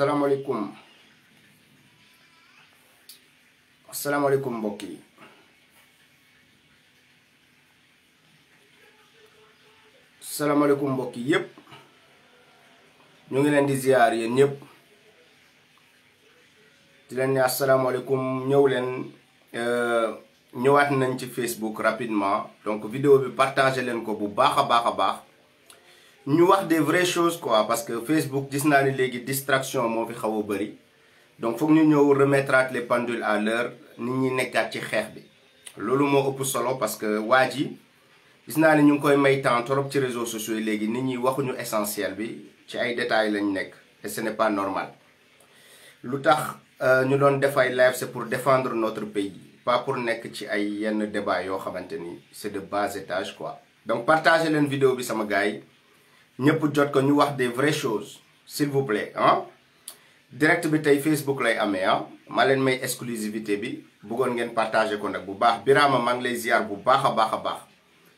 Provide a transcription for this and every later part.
salaamu alaikum salaamu alaikum mbokk alaikum salaamu alaykum Nous yépp ñu ngi di ñépp di euh, Facebook rapidement donc vidéo bi partagé len ko bu baaxa ñu wax des vraies choses quoi parce que Facebook gis légui distraction mo fi xaw bari donc foog ñu ñëw remettre les pendules à l'heure nit ñi nekkaat ci xeex bi. lolu mo upp solo parce que waji ji gis ñu koy may temps trop ci réseaux sociaux légui ni nit ñi ñu essentiel bi ci ay détails lañ nekk et ce n'est pas normal lutax euh, ñu don def ay live c'est pour défendre notre pays. pas pour nekk ci ay yenn débat yo xamanteni c'est de bas étage quoi donc partagez leen vidéo bi sama gars ñëpp jot ko ñu wax des vraies choses s'il vous plaît hein. direct bi tey Facebook lay amee ah ma leen may exclusivité bi bëggoon ngeen partager ko nag bu baax Birama maa ngi lay ziar bu baax a baax a baax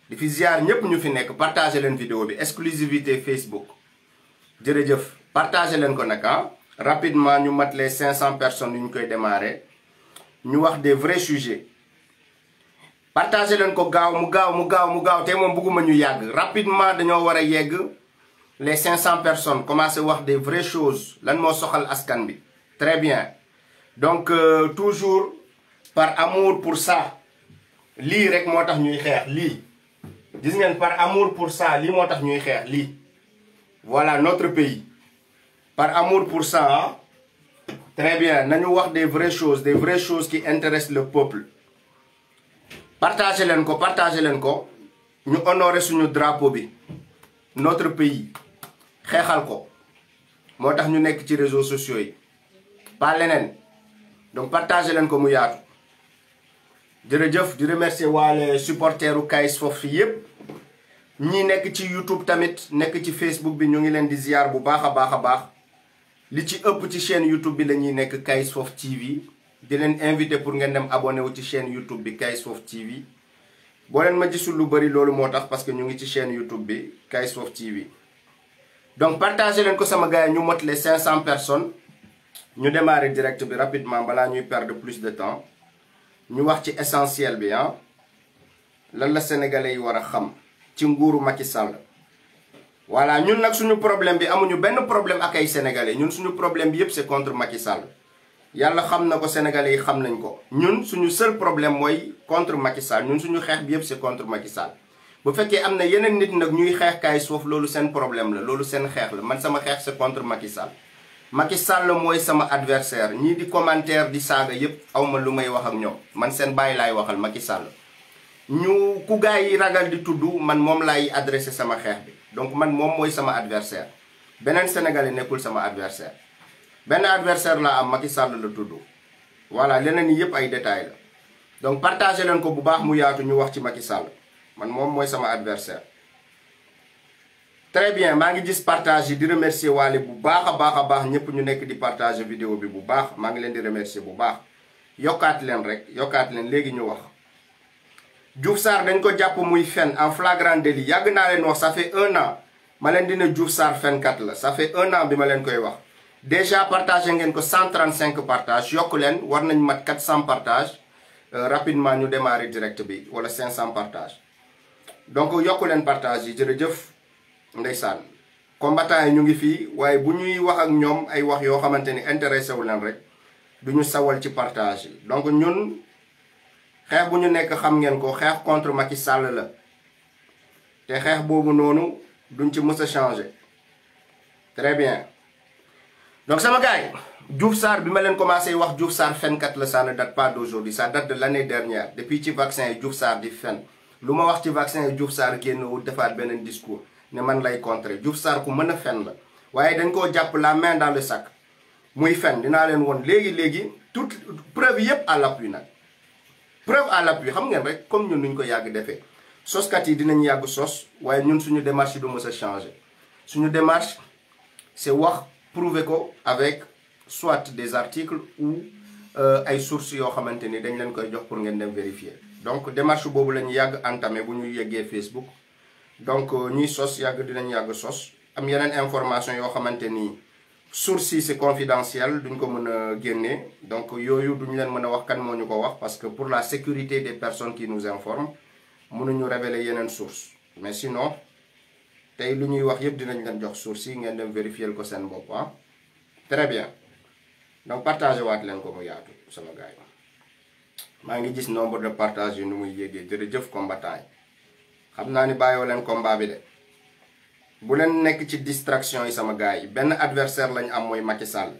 di fi ziar ñëpp ñu fi nekk partager leen vidéo bi exclusivité Facebook jërëjëf Partager leen ko nag ah rapidement ñu mat les 500 personnes yu ñu koy démarrer ñu wax des vrais sujets Partager leen ko gaaw mu gaaw mu gaaw mu gaaw te moom bëgguma ñu yàgg rapidement dañoo war a yegg les 500 personnes à voir des vraies choses très bien donc euh, toujours par amour pour ça l'I, rek motax ñuy par amour pour ça lis voilà notre pays par amour pour ça ah, très bien nous wax des vraies choses des vraies choses qui intéressent le peuple partagez les partagez les Nous ñu honorer suñu drapeau notre pays xeexal ko motax ñu nekk ci réseaux sociaux yi ba leneen donc partagé leen ko mu yaatu jërëjëf di remercier waale supporteru KAYS foofu yépp ñi nekk ci YouTube tamit nekk ci Facebook bi ñu ngi leen di ziar bu baax a baax a baax li ci ëpp ci chaîne YouTube bi lañuy nekk KAYS foofu TV di leen invité pour ngeen dem abonné wu ci chaîne YouTube bi KAYS foofu TV boo leen ma gisul lu bari loolu moo tax parce que ñu ngi ci chaîne YouTube bi KAYS foofu TV donc partagez-le sama gars ñu mot les 500 personnes ñu démarrer direct bi rapidement bala ñuy perdre plus de temps ñu wax ci essentiel bi hein la sénégalais yi wara xam ci nguru Macky Sall. voilà ñun nak suñu problème bi amuñu benn problème ak ay sénégalais ñun suñu problème bi yépp c'est contre Macky Sall yalla xam nako sénégalais yi xam nañ ko ñun suñu seul problème moy contre Macky Sall ñun suñu xex bi c'est contre Macky Sall. bu fekke amna yenen nit nak ñuy xex kay suuf lolu sen problème la lolu sen xex la man sama xex c'est contre Macky Sall Macky Sall moy sama adversaire ñi di commentaire di saga yépp awma lu may wax ak ñoom man sen bàyyi lay waxal Macky Sall ñu ku gaay ragal di tuddu man mom lay adresser sama xex bi donc man mom moy sama adversaire benen sénégalais nekul sama adversaire ben adversaire la am Macky Sall la tuddu voilà leneen yi yépp ay détail la donc partager len ko bu baax mu yaatu ñu wax ci Macky Sall man mom moy sama adversaire très bien mangi ngi gis partage di remercier waale bu baax a baax a ñu nek di partager vidéo bi bu baax mangi len di remercier bu baax yokkat len rek yokkat len légui ñu wax djouf sar dañ ko japp muy fen en flagrant délit yàgg naa leen wax ça fait un an ma leen dina sar fen kat la ça fait un an bi ma leen koy wax déjà partager ngeen ko 135 partage yokk len war nañ mat 400 partage euh, rapidement ñu démarrer direct bi wala 500 partage donc yokk un. partage combattant ñu ngi sont waye bu wax ak ñom ay wax yo xamanteni intéressé wu len rek ci partage donc ñun xex bu ñu xam ngeen ko contre Macky Sall la té xex nonu duñ ci changer très bien donc sama gars Diouf commencé wax Diouf Sar fenkat ça ne date pas d'aujourd'hui ça date de l'année dernière depuis ci vaccin Diouf di luma wax ci vaccin djouf sar Sarr génnwul defaat benen discours ne man lay contrer djouf sar ku meuna a fen la waye dañ ko japp la main dans le sac muy fen dina len won legui legui toute preuve yépp à l'appui nak preuve à l'appui xam ngeen rek comme ñun ñu ko yàgg defee soskat yi dinañ yàgg sos waye ñun suñu démarche yi du mës changer suñu démarche c'est wax prouver ko avec soit des articles ou euh, ay sources yo xamanteni dañ leen koy jox pour ngeen dem vérifier donc démarche bobu lañu yag yàgg entamé bu ñu Facebook donc euh, ñuy sos yag dinañ yag sos am yenen information yo xamanteni source c'est confidentiel duñ ko mëna a donc yooyu duñ leen mëna wax kan moo ko wax parce que pour la sécurité des personnes qui nous informent mënuñu révéler yenen source mais sinon tay lu ñuy wax yépp dinañ leen jox source yi ngeen dem vérifier ko sen bopp hein très bien donc partagez waat leen ko mu yaatu sama gars maa ngi gis nombre de partage yu nu muy yéegee jërëjëf combattant xam naa ni bàyyoo leen combat bi de bu leen nekk ci distraction yi sama gars yi benn adversaire lañ am mooy Macky Sall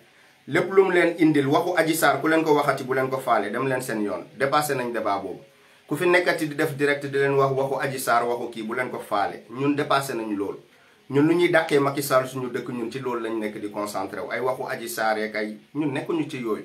lépp lu mu leen indil waxu Adji Sarr ku leen ko waxati bu leen ko faale dem leen seen yoon dépassé nañ débat boobu ku fi nekkati di def direct di leen wax waxu aji saar waxu kii bu leen ko faale ñun dépassé nañ lool ñun lu ñuy dàqee Macky Sall suñu dëkk ñun ci loolu lañ nekk di concentré wu ay waxu Adji Sarr yeeg ay ñun nekkuñu ci yooyu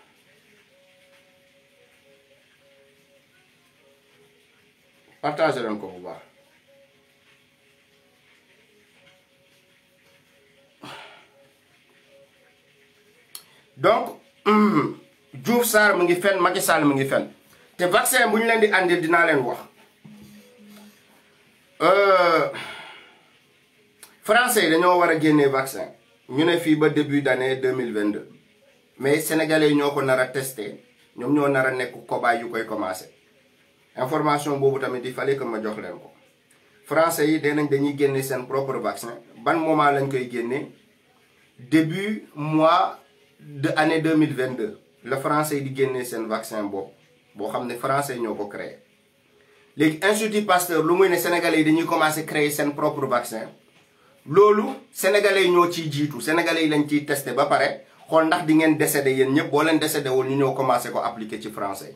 partagé leen ko bu baax donc mm, Diouf Sarr mu ngi fen Macky Sall mu ngi fen te vaccin bu ñu leen di andil dinaa leen wax euh, français yi dañoo war a génne vaccin ñu ne fii ba début d' année deux mille vingt mais sénégalais yi ñoo ko nar a testé ñoom ñoo nar a nekk ko cobaye yu koy commencé. information bobu tamit il fallait que ma jox leen ko français yi dee nañ dañuy génne seen propre vaccin ban moment lañ koy génne début mois de année 2022 le français yi di génne sen vaccin boobu bo xamné français ñoo ko créé léegi institut Pasteur lu muy né sénégalais yi dañuy commencer créer sen propre vaccin lolu sénégalais yi ñoo ciy jiitu sénégalais lañ ci tester ba paré xol ndax di ngeen décédé yéen ñëpp bo leen décédé wol ñu ñoo commencer ko appliquer ci français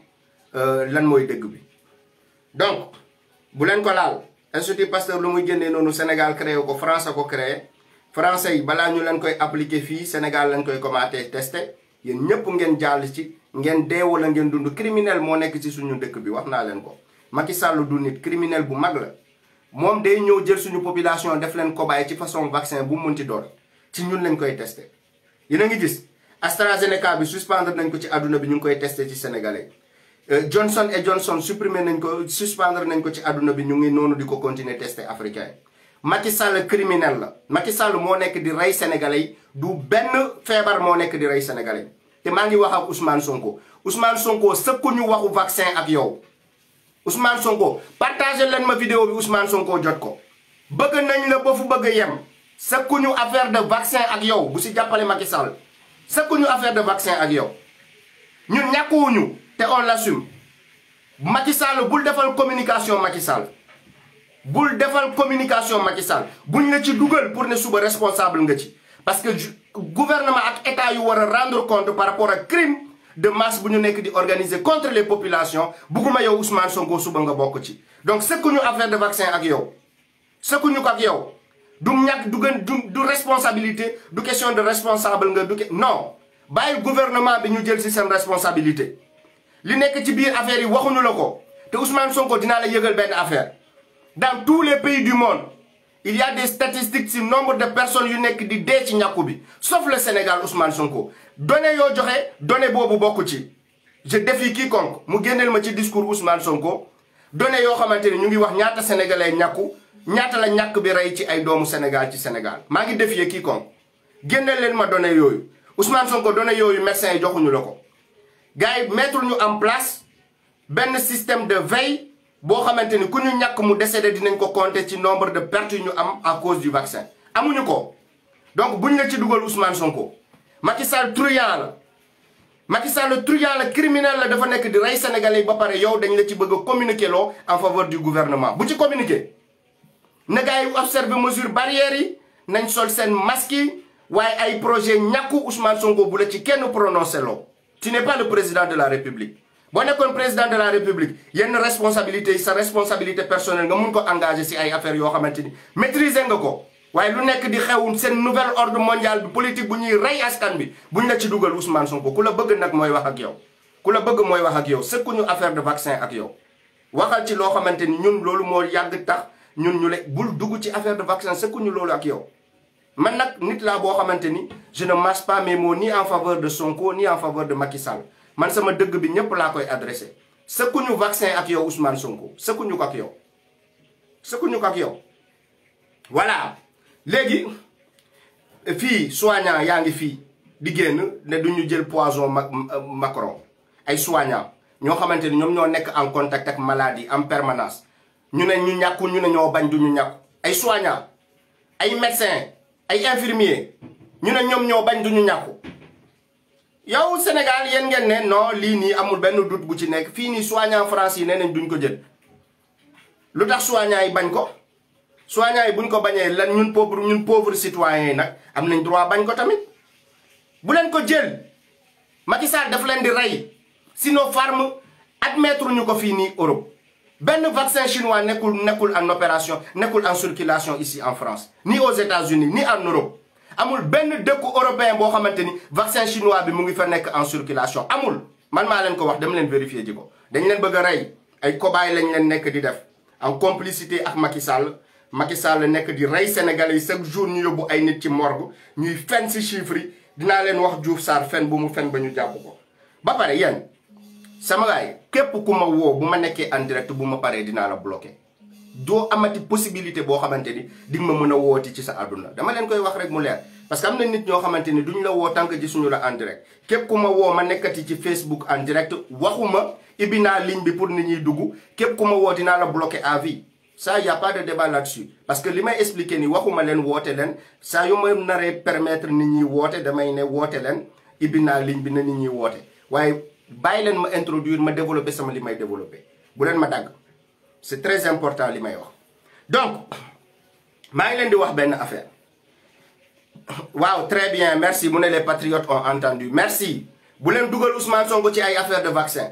Euh, lan mooy dëgg bi donc bu leen ko laal institut Pasteur lu muy jëndee noonu Sénégal créé ko France ko créé français yi balaa ñu leen koy appliqué fii Sénégal lañ koy commenté testé yéen ñëpp ngeen jàll ci ngeen dee wala ngeen dund criminel moo nekk ci suñu dëkk bi wax naa leen ko Macky Sall du nit criminel bu mag la moom day ñëw jël suñu population def leen ko cobaye ci façon vaccin bu munti doon ci ñun lañ koy testé yéen a ngi gis AstraZeneca bi suspendre nañ ko ci àdduna bi ñu ngi koy testé ci sénégalais Eh, Johnson et Johnson supprimé nañ ko suspendre nañ ko ci àdduna bi ñu ngi noonu di ko continuer testé africain Macky Sall criminel la Macky Sall moo nekk di rey sénégalais yi du benn feebar moo nekk di rey sénégalais te maa ngi wax ak Ousmane Sonko Ousmane Sonko sëkkuñu waxu vaccin ak yow Ousmane Sonko partagé leen ma vidéo bi Ousmane Sonko jot ko bëgg nañ la ba fu bëgg yem sëkkuñu affaire de vaccin ak yow bu si jàppale Macky Sall sëkkuñu affaire de vaccin ak yow on l'assume Macky Sall de defal communication Macky Sall de la communication Macky Sall buñ la ci pour ne suba responsable parce que le gouvernement et l'état yu rendre compte par rapport à crime de masse bu contre les populations donc ce Ousmane Sonko suba nga ce ci. donc avons affaire de vaccin ce que nous avons ak yow du responsabilité de question de responsable non Le gouvernement a ñu jël ci responsabilité li nek ci biir affaire yi waxuñu la ko te Ousmane Sonko dina la yëgal ben affaire dans tous les pays du monde il y a des statistiques sur nombre de personnes yu nek di dé ci ñakku bi sauf le Sénégal Ousmane Sonko donné yo joxé donné bobu bokku ci. je défie quiconque mu gënël ma ci discours Ousmane Sonko donné yo xamanteni ñu ngi wax ñaata sénégalais ñakku ñaata la ñak bi ray ci ay doomu Sénégal ci Sénégal ma ngi défier quiconque gënël leen ma donné yooyu Ousmane Sonko donné yooyu médecin yi joxuñu lako gars mettre ñu en place ben système de veille bo xamanteni ku ñu ñak mu décédé dinañ ko compter ci nombre de pertes ñu am à cause du vaccin. amuñu ko donc buñ la ci duggal Ousmane Sonko Macky Sall truand la Macky Sall truand la criminel la dafa nek di ray sénégalais ba paré yow dañ la ci bëgg communiquer lo en faveur du gouvernement bu ci communiquer na gaay yi observer mesures barrières yi nañ sol sen masque waye ay projet ñàkku Ousmane Sonko bu la ci kenn prononcer lo tu n'es pas le président de la république boo comme président de la république une responsabilité sa responsabilité personnelle nga mun ko engager si ay affaires yoo xamante ni maîtriser nga ko waaye lu nekk di xew seen nouvel ordre mondial de politique bu ñuy rey askan bi buñ la ci dugal Ousmane Sonko ku la bëgg nag mooy wax ak yow ku la bëgg mooy wax ak yow sëkkuñu affaire de vaccin ak yow waxal ci lo xamanteni ñun lolu mo yàgg tax ñun ñu le bul dugg ci affaire de vaccin sëkkuñu lolu ak yow je ne masse pas mes mots ni en faveur de Sonko ni en faveur de Macky Sall man sama deug bi ñep la koy adressé sëkkuñu vaccin ak yow Ousmane Sonko ko ak yow ko ak yow voilà légui fi soignant yaangi fi di génn ne duñu jël poison Macron ay soignant ñoo xamanteni en contact ak maladie en permanence ñu ne ñu ñakku ñu ñoo bañ ay médecin ay infirmier ñu ne ñom ñoo bañ duñu ñàkku yow senegal yeen ngeen ne non li ni amul benn doute bu ci nekk fii nii soignant France yi nee nañ duñ ko jël lu tax soignant yi bañ ko soignant yi buñ ko bañee lan ñun pauvre ñun pauvre citoyen nak am nañ droit bañ ko tamit bu len ko jël Macky Sall daf leen di rey farm admettre ñu ko fii nii Europe Ben vaccin chinois n'est pas en opération pas en circulation ici en France ni aux États-Unis ni en Europe amul ben deux Européens bo xamanteni vaccin chinois bi mu ngi fa nek en circulation amul man ma len ko wax dem len vérifier djiko ko dañ leen bëgg a ay cobay lañ len nek di def en complicité ak Macky Sall Macky Sall nek di ray sénégalais chaque jour ñu yóbbu ay nit ci morgue ñuy fen si chiffres dina len wax djouf sar fen bu mu fen bañu japp ko ba pare yéen sama gars képp ku ma woo bu ma nekkee en direct bu ma paree dinaa la bloqué doo amati possibilité boo xamante ni di ma mën a wooti ci sa àdduna dama leen koy wax rek mu leer parce que am na nit ñoo xamante ni duñ la woo tànk suñu la en direct képp ku ma woo ma nekkati ci Facebook en direct waxuma ibi naa ligne bi pour nit ñuy dugg képp ku ma woo dinaa la bloqué à vie ça y a pas de débat parce que li may expliqué ni waxuma leen woote leen saa yu ma naree permettre ñuy woote damay ne woote leen ibi naa ligne bi na nit ñuy woote bàyyi leen ma introduire ma développer sama li may développer bu leen ma dag c'est très important li may wax. donc ma ngi len di wax ben affaire waaw très bien merci mu les patriotes ont entendu merci bu leen dugal Ousmane songo ci ay affaire de vaccin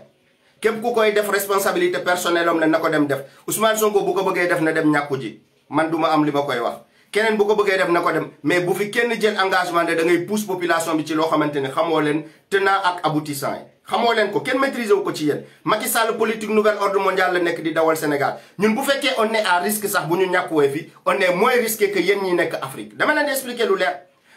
képp ku koy def responsabilité personnelle am la na ko dem def Ousmane songo bu ko bëggee def na dem ñakku ji man duma am li ma koy wax. kenen bu ko bëggee def nako dem mais bu fi kenn jël engagement de da ngay pousse population bi ci lo xamante ni xamoo leen tenant ak aboutissant xamoo leen ko kenn maîtriser wu ko ci yéen Macky Sall politique nouvelle ordre mondial la nekk di dawal Sénégal ñun bu fekkee on est à risque sax bu ñu ñàkkuwee fi on est moins risqué que ñi nekk Afrique dama leen di expliquer lu leer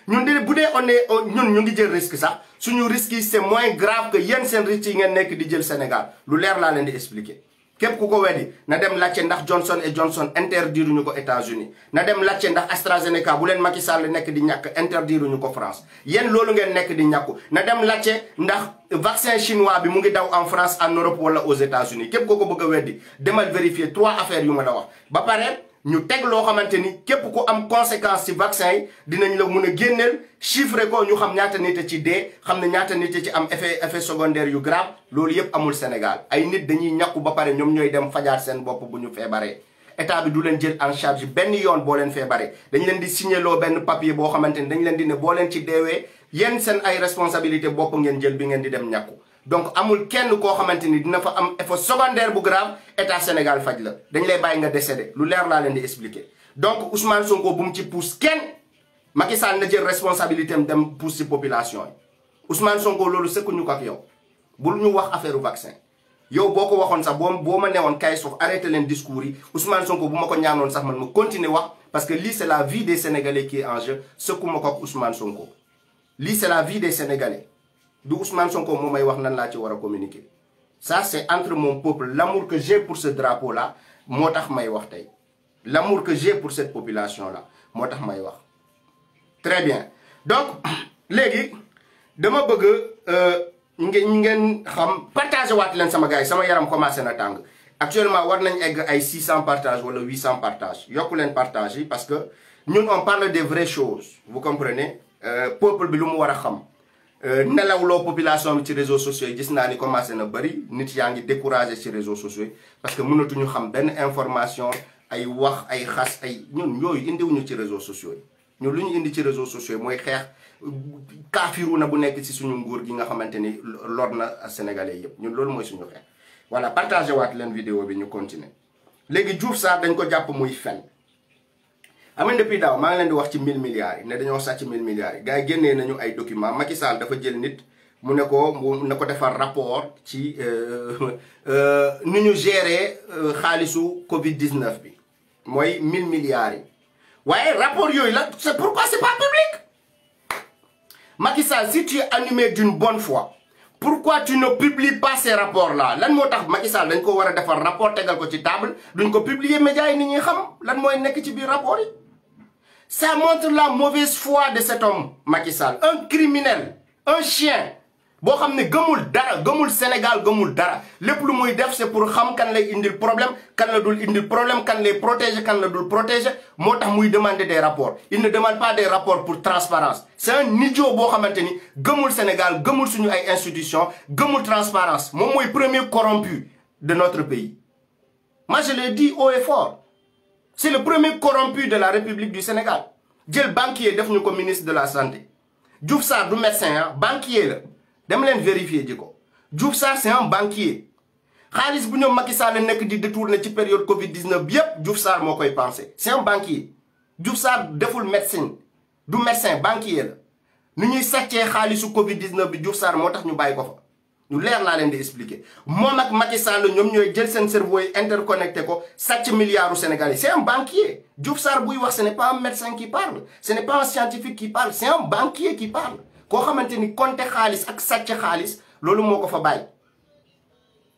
ñun de bu dee on est ñun ñu ngi jël risque sax suñu risque yi c'est moins grave que yéen seen risque ngeen nekk di jël Sénégal lu leer laa leen di expliquer képp ku ko weddi na dem laajte ndax Johnson et Johnson interdiruñu ko États-Unis na dem laajte ndax AstraZeneca bu leen Macky Sall nekk di ñàkk interdiruñu ko France yéen loolu ngeen nekk di ñàkku na dem laajte ndax vaccin chinois bi mu ngi daw en France en Europe wala aux États-Unis képp ku ko bëgg a weddi demal vérifier trois affaires yu ma la wax ba pare ñu teg loo xamante ni képp ko am conséquence ci vaccin yi dinañ la mun a génneel chiffre ko ñu xam ñaata nit a ci dee xam ne ñaata nit a ci am effet effet secondaire yu grave loolu yépp amul Sénégal ay nit dañuy ñàkku ba pare ñoom ñooy dem fajaat seen bopp bu ñu feebaree état bi du leen jël en charge benn yoon boo leen feebaree dañu leen di signaloo benn papier boo xamante ni dañu leen dina ne boo leen ci deewee yéen seen ay responsabilité bopp ngeen jël bi ngeen di dem ñàkku Donk, amoul ken nou kwa kwa menteni, efo seconder bou grav, etan Senegal fadle. Denk lè baye nge desede. Lou lèr la lènde esplike. Donk, Ousmane Songo boum ti pousse ken, maki sa nè dje responsabilite mdèm pousse si popilasyon. Ousmane Songo, lolo sekou nyou kwa kyo. Boul nyou wak afer ou vaksen. Yo, bò kwa wakon sa, bò manè an kaye sof, arète lèn diskouri. Ousmane Songo, bò mò kon nyanon sa, mèl mò kontine wak, paske li se la vi de Senegalè ki anje, sekou du Ousmane Sonko je wax nan la ci communiquer ça c'est entre mon peuple l'amour que j'ai pour ce drapeau là motax may wax l'amour que j'ai pour cette population là motax may wax très bien donc légui dama bëgg euh, ngeen ngeen xam partager waat len sama gars sama yaram commencé na tang actuellement war nañ egg ay 600 partages wala 800 partages yokku len partager parce que nous, on parle des vraies choses vous comprenez euh, peuple bi lu mu wara euh, la population sur ci réseaux sociaux yi gis naa ni commencé na bëri nit yaa ngi découragé ci réseaux sociaux parce que mënatuñu xam benn information ay wax ay xas ay ñun yooyu indiwuñu ci réseaux sociaux nous ñun lu ñu indi ci réseaux sociaux yi mooy kafir kaafiru na bu nek ci suñu nguur gi nga xamanteni lor na sénégalais yépp ñun loolu mooy suñu xeex voilà partagé waat leen vidéo bi ñu continuer légui Diouf sa dañ ko japp muy fen ah, depuis daaw 1000 milliards 1000 milliards documents Macky dafa jël rapport ci euh, euh, gérer euh, Covid 19 bi 1000 milliards waye rapport c'est pas public Macky si tu es animé d'une bonne foi pourquoi tu ne publies pas ces rapports là lan motax Macky rapport tégal ko ci table duñ publier médias yi ni ñi xam lan rapport ça montre la mauvaise foi de cet homme Macky Sall un criminel un chien boo xam ne que dara Sénégal Sénégal le dara Le lu muy def c'est pour xam kan lay indil problème kan la dul indil problème kan lay protéger kan la dul protéger moo tax il demander des rapports il ne demande pas des rapports pour transparence c'est un idiot boo dit que le Sénégal le suñu ay institutions gëmul transparence C'est le premier corrompu de notre pays moi je le dis haut et fort c'est le premier corrompu de la République du Sénégal jël banquier def ko ministre de la santé Diouf Sarr du médecin ah, banquier la dem leen vérifier ji ko Diouf Sarr c'est un banquier xaalis bu ñoom Macky Sall nekk di détourné ci période Covid 19 bi yépp Diouf Sarr moo koy pensé c'est un banquier Diouf Sarr deful médecin, du médecin banquier la nu ñuy sàccee xaalisu Covid 19 bi Diouf Sarr moo tax ñu bàyyi ko lu leer laa leen di expliquer moom ak Macky Sall ñoom ñooy jël seen cerveau yi interconnecté ko sàcc milliards u Sénégalais c'est un banquier Diouf sar buy wax ce n'est pas un médecin qui parle ce n'est pas un scientifique qui parle c'est un banquier qui parle koo xamante ni compter xaalis ak sàcc xaalis loolu moo ko fa bàyyi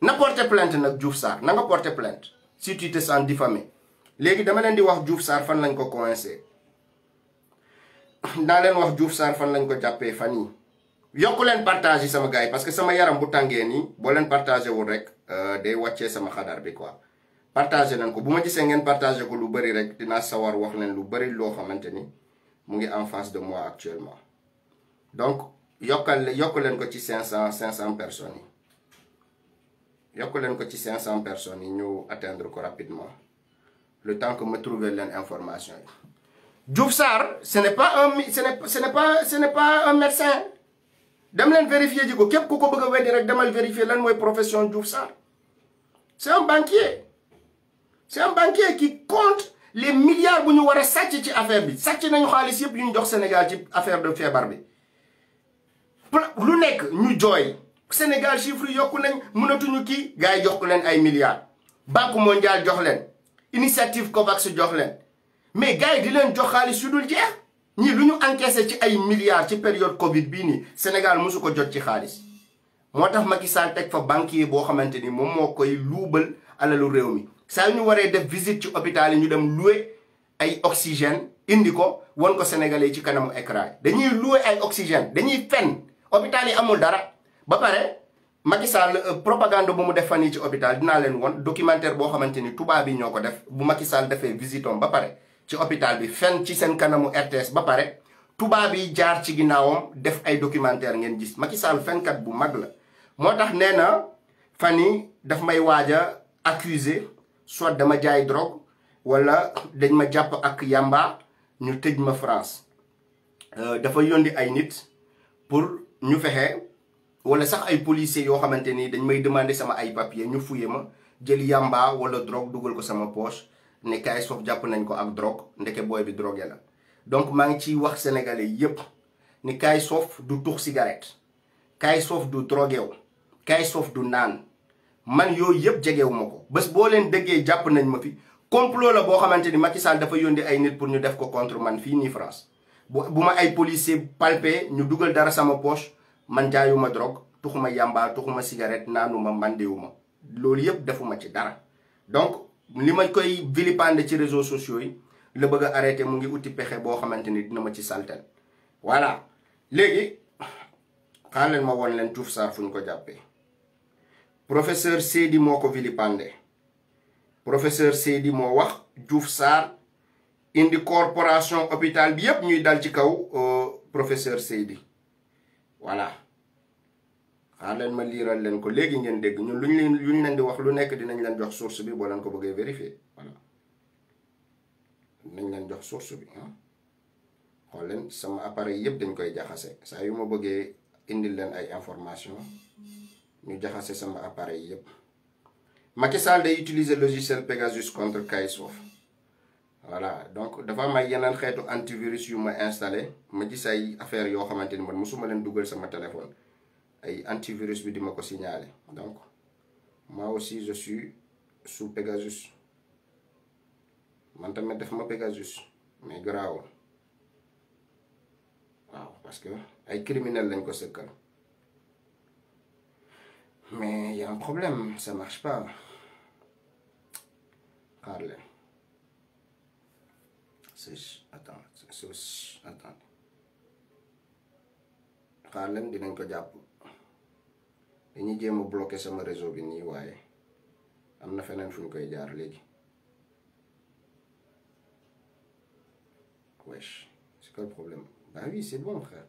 na porter plainte nag Diouf Sar na nga porter plainte si tu te sens diffamé léegi dama leen di wax Diouf Sar fan lañ ko coincé naa leen wax Diouf sar fan lañ ko jàppee fan yi yokk leen partage sama gars yi parce que sama yaram bu tàngee ni, boo leen partagé wul rek euh, day wàccee sama xadar bi quoi Partager leen ko bu ma gisee ngeen partagé ko lu bëri rek dinaa sawar wax leen lu bëri loo xamante ni mu ngi en face de moi actuellement donc yokkal yokk leen ko ci 500 500 personnes yi yokk leen ko ci 500 personnes yi ñu atteindre ko rapidement le temps que ma trouver leen information yi. Diouf ce n'est pas un ce n'est pas ce n'est pas un médecin dem leen vérifier dit ko képp ku ko direct a rek demal vérifier lan mooy profession Diouf Sarr c'est un banquier c'est un banquier qui compte les milliards bu ñu war a ci affaire bi sàcc nañu xaliss yëpp ñu jox Sénégal ci affaire de feebar bi lu nekk ñu joy Sénégal chiffre yokku nañ mënatuñu kii gars yi jox ko len ay milliards banque mondiale jox len. initiative COVAX jox len. mais gaay di len jox xaliss yu dul jeex ñii lu ñu encaissé ci ay milliards ci période Covid bii nii Sénégal mosu ko jot ci xaalis moo tax Macky Sall teg fa yi boo xamante ni moom moo koy luubal alalu réew mi. saa ñu waree def visite ci hôpital yi ñu dem loué ay oxygène indi ko won ko sénégalais ci kanamu écran dañuy loué ay oxygène dañuy fenn hôpital yi amul dara ba pare. Macky Sall euh, propagande bu mu def fan ci hôpital dinaa leen won documentaire boo xamante ni tubaab yi ñoo ko def bu Macky Sall defee visitom ba pare ci hôpital bi fenn ci seen kanamu RTS ba pare tubaab yi jaar ci ginnaawam def ay documentaire ngeen gis Macky Sall fenkat bu mag la moo tax nee na fan yi daf may waaj a accusé soit dama jaay drogue walla dañ ma jàpp ak yamba ñu tëj ma France euh, dafa yondi ay nit pour ñu fexe wala sax ay policiers yoo xamante ni dañ may demander sama ay papier ñu fuye ma jël yamba wala drogue dugal ko sama poche ne kay sof japp nañ ko ak drogue ndeke boy bi drogue la donc ma ngi ci wax sénégalais yépp ni kay sof du tux cigarette kay sof du drogue wu kay sof du naan man yooyu yépp jegewuma ko bés boo leen déggee jàpp nañ ma fi complot la boo xamante ni Macky Sall dafa yóndi ay nit pour ñu def ko contre man fii ni France bu bu ma ay policier palpé ñu dugal dara sama poche man jaayuma drogue tuxuma yàmbaa tuxuma cigarette naanuma mandewuma ma loolu yépp defuma ci dara donc li ma koy vilipande ci réseau sociaux yi la bëgg a mu ngi uti pexe boo xamante ni dina ma ci saltel voilà léegi xaar ma won leen Diouf Sarr fu ñu ko jàppee professeur Seydi moo ko vilipande professeur Seydi moo wax Diouf Sarr indi corporation hôpital bi yëpp ñuy dal ci kaw euh, professeur Seydi voilà ah leen ma liiral leen ko léegi ngeen dégg ñun luñ leen luñ leen di wax lu nekk dinañ leen jox source bi boo leen ko bëggee vérifier voilà dinañ leen jox source bi ah xool sama appareil yëpp dañ koy jaxase saa yu ma bëggee indil leen ay information ñu jaxase sama appareil yëpp Macky Sall day utiliser logiciel Pegasus contre Kaysof voilà donc dafa am ay yeneen antivirus yu ma installé ma gis ay affaire yoo xamante ni man mosuma leen dugal sama téléphone ay antivirus bi di ko signaler donc moi aussi je suis sous Pegasus man tamit def ma Pegasus mais grave. parce que ay criminel lañ ko sëkkal mais il y a un problème ça marche pas xaar c'est attends c'est attends Il leen dinañ ko jàpp dañuy jéem a bloqué sama réseau bi nii waaye am na feneen koy jaar léegi wesh c'est quoi le problème bah oui c'est bon frère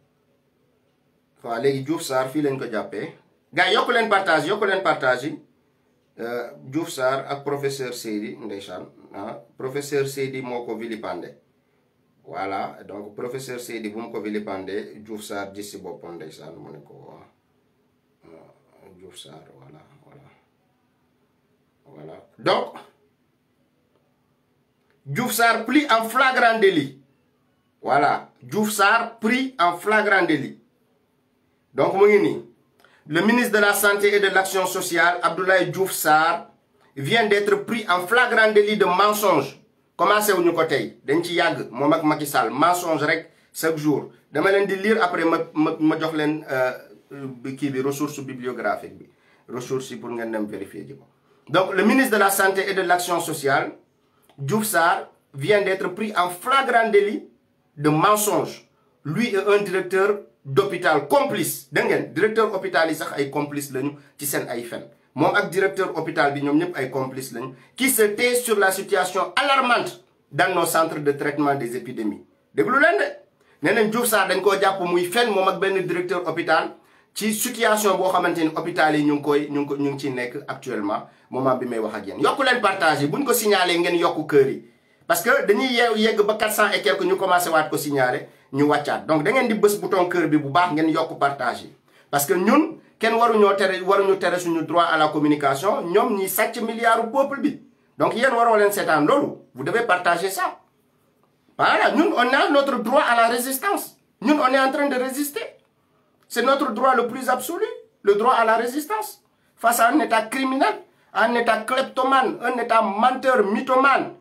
léegi Diouf Sarr fii lañ ko jàppee gars leen partage leen partage euh, Diouf Sarr ak professeur Seydi ndeysaan ah professeur Seydi moo ko voilà donc professeur Seydi bu mu ko vilipande Diouf Sarr gis si boppam ko ah, voilà, voilà. Donc, Diouf pris en flagrant délit. Voilà. Diouf pris en flagrant délit. Donc, le ministre de la Santé et de l'Action sociale, Abdoulaye djoufsar vient d'être pris en flagrant délit de mensonge. Comment c'est au côté. Yag, Momak Makissal, mensonge rec, chaque jour. Demain, lundi lire après, euh, qui euh, est ressources ressources ressources pour nous vérifier donc le ministre de la santé et de l'action sociale Diouf Sarr vient d'être pris en flagrant délit de mensonge lui est un directeur d'hôpital complice dégg directeur hospitalier est complice lañu ci qui ay directeur d'hôpital, bi qui se tait sur la situation alarmante dans nos centres de traitement des épidémies déglu leen de nee Diouf Sarr nous avons jàpp muy directeur d'hôpital ci situation bo xamanteni hôpital yi ñu koy ñu ngi ñu ci nekk actuellement moment bi may wax ak yéen yokku leen partager buñ ko signaler ngeen yokku kër yi parce que dañuy yeew yegg ba 400 et quelque ñu commencé waat ko signaler, ñu wàccaat donc da ngeen di bës bouton kër bi bu baax ngeen yokk partager parce que ñun kenn téré waru ñu téré suñu droit à la communication ñom ñi sàcc milliards peuple bi donc yeen waro leen seetaan lolu vous devez partager ça voilà ñun on a notre droit à la résistance ñun on est en train de résister c'est notre droit le plus absolu, le droit à la résistance. Face à un État criminel, un État kleptomane, un État menteur, mythomane,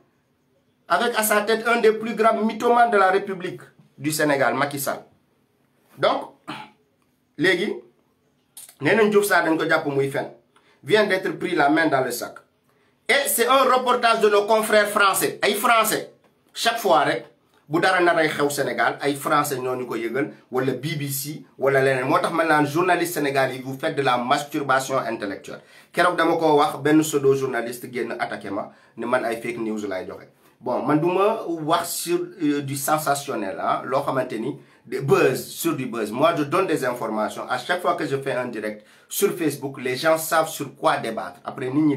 avec à sa tête un des plus grands mythomanes de la République du Sénégal, Macky Sall. Donc, Légui, vient d'être pris la main dans le sac. Et c'est un reportage de nos confrères français, et français, chaque fois, bu dara ray xew Sénégal ay français ñoo ñu ko yëgal wala BBC wala leneen moo tax ma naan journaliste sénégalais. yi vous faites de la masturbation intellectuelle keroog dama ko wax benn pseudo journaliste génn attaqué ma ne man ay fake news lay joxe. bon man duma wax sur euh, du sensationnel ah loo xamante ni de buzz sur du buzz moi je donne des informations à chaque fois que je fais un direct sur Facebook les gens savent sur quoi débattre après nous,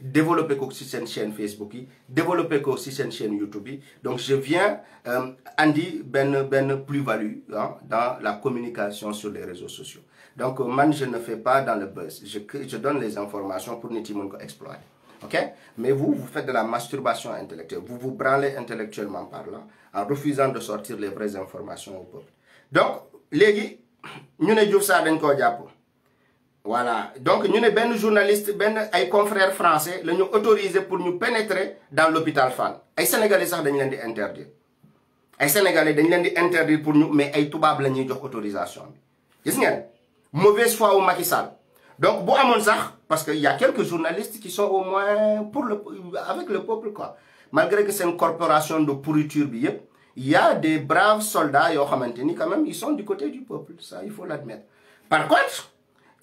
développer aussi cette chaîne Facebook développer aussi cette chaîne YouTube donc je viens euh, Andy, ben ben plus-value hein, dans la communication sur les réseaux sociaux donc euh, man je ne fais pas dans le buzz je je donne les informations pour que yi exploiter ok mais vous vous faites de la masturbation intellectuelle vous vous branlez intellectuellement parlant en refusant de sortir les vraies informations au peuple donc gars, nous, ne jouons ça dans le voilà donc nous sommes des journalistes, des confrères français nous sommes autorisés pour nous pénétrer dans l'hôpital fan. Les sénégalais sax interdits. leen di interdire sénégalais ils leen di interdire pour nous, mais ils tubaab la ñuy jox autorisation bi gis mauvaise foi au Macky Sall donc bu vous sax parce qu'il y a quelques journalistes qui sont au moins pour le avec le peuple quoi malgré que c'est une corporation de pourriture il y a des braves soldats qui quand même ils sont du côté du peuple ça il faut l'admettre par contre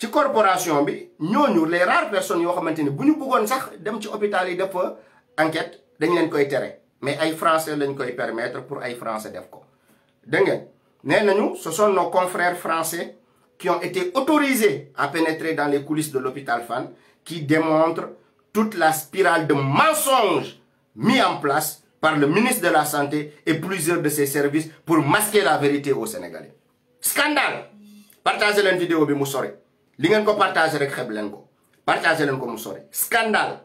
ci corporation bi ñooñu les rares personnes qui ont ni bu ñu bëggoon sax dem ci hôpital yi def enquête dañ leen koy tere mais ay français lañ koy permettre pour ay français def ko dégg ngeen nee nañu ce sont nos confrères français qui ont été autorisés à pénétrer dans les coulisses de l'hôpital FAN qui démontrent toute la spirale de mensonges mis en place par le ministre de la Santé et plusieurs de ses services pour masquer la vérité aux Sénégalais. Scandale Partagez la vidéo, Bimoussoré li ngeen ko partagé rek xeb leen ko partagé leen ko mu sore scandale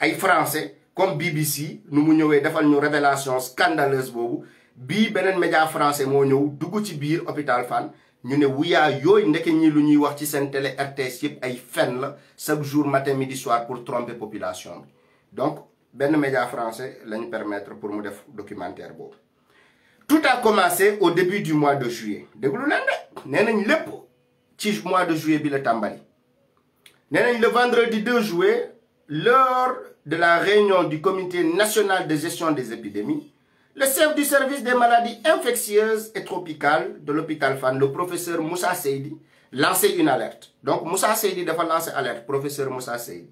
ay français comme BBC nu mu ñëwee defal ñu révélation scandaleuse boobu bii beneen média français moo ñëw dugg ci biir hôpital fan. ñu ne wuya yooyu ndeke ñi lu ñuy wax ci seen télé RTS yëpp ay fen la chaque jour matin midi soir pour tromper population bi donc benn média français lañu permettre pour mu def documentaire boobu tout a commencé au début du mois de juillet déglu leen de nee nañ lépp ci mois de juillet bi le vendredi 2 juillet lors de la réunion du comité national de gestion des épidémies le chef du service des maladies infectieuses et tropicales de l'hôpital FAN, le professeur Moussa Seydi lançait une alerte donc Moussa Seydi devait lancer alerte professeur Moussa Seydi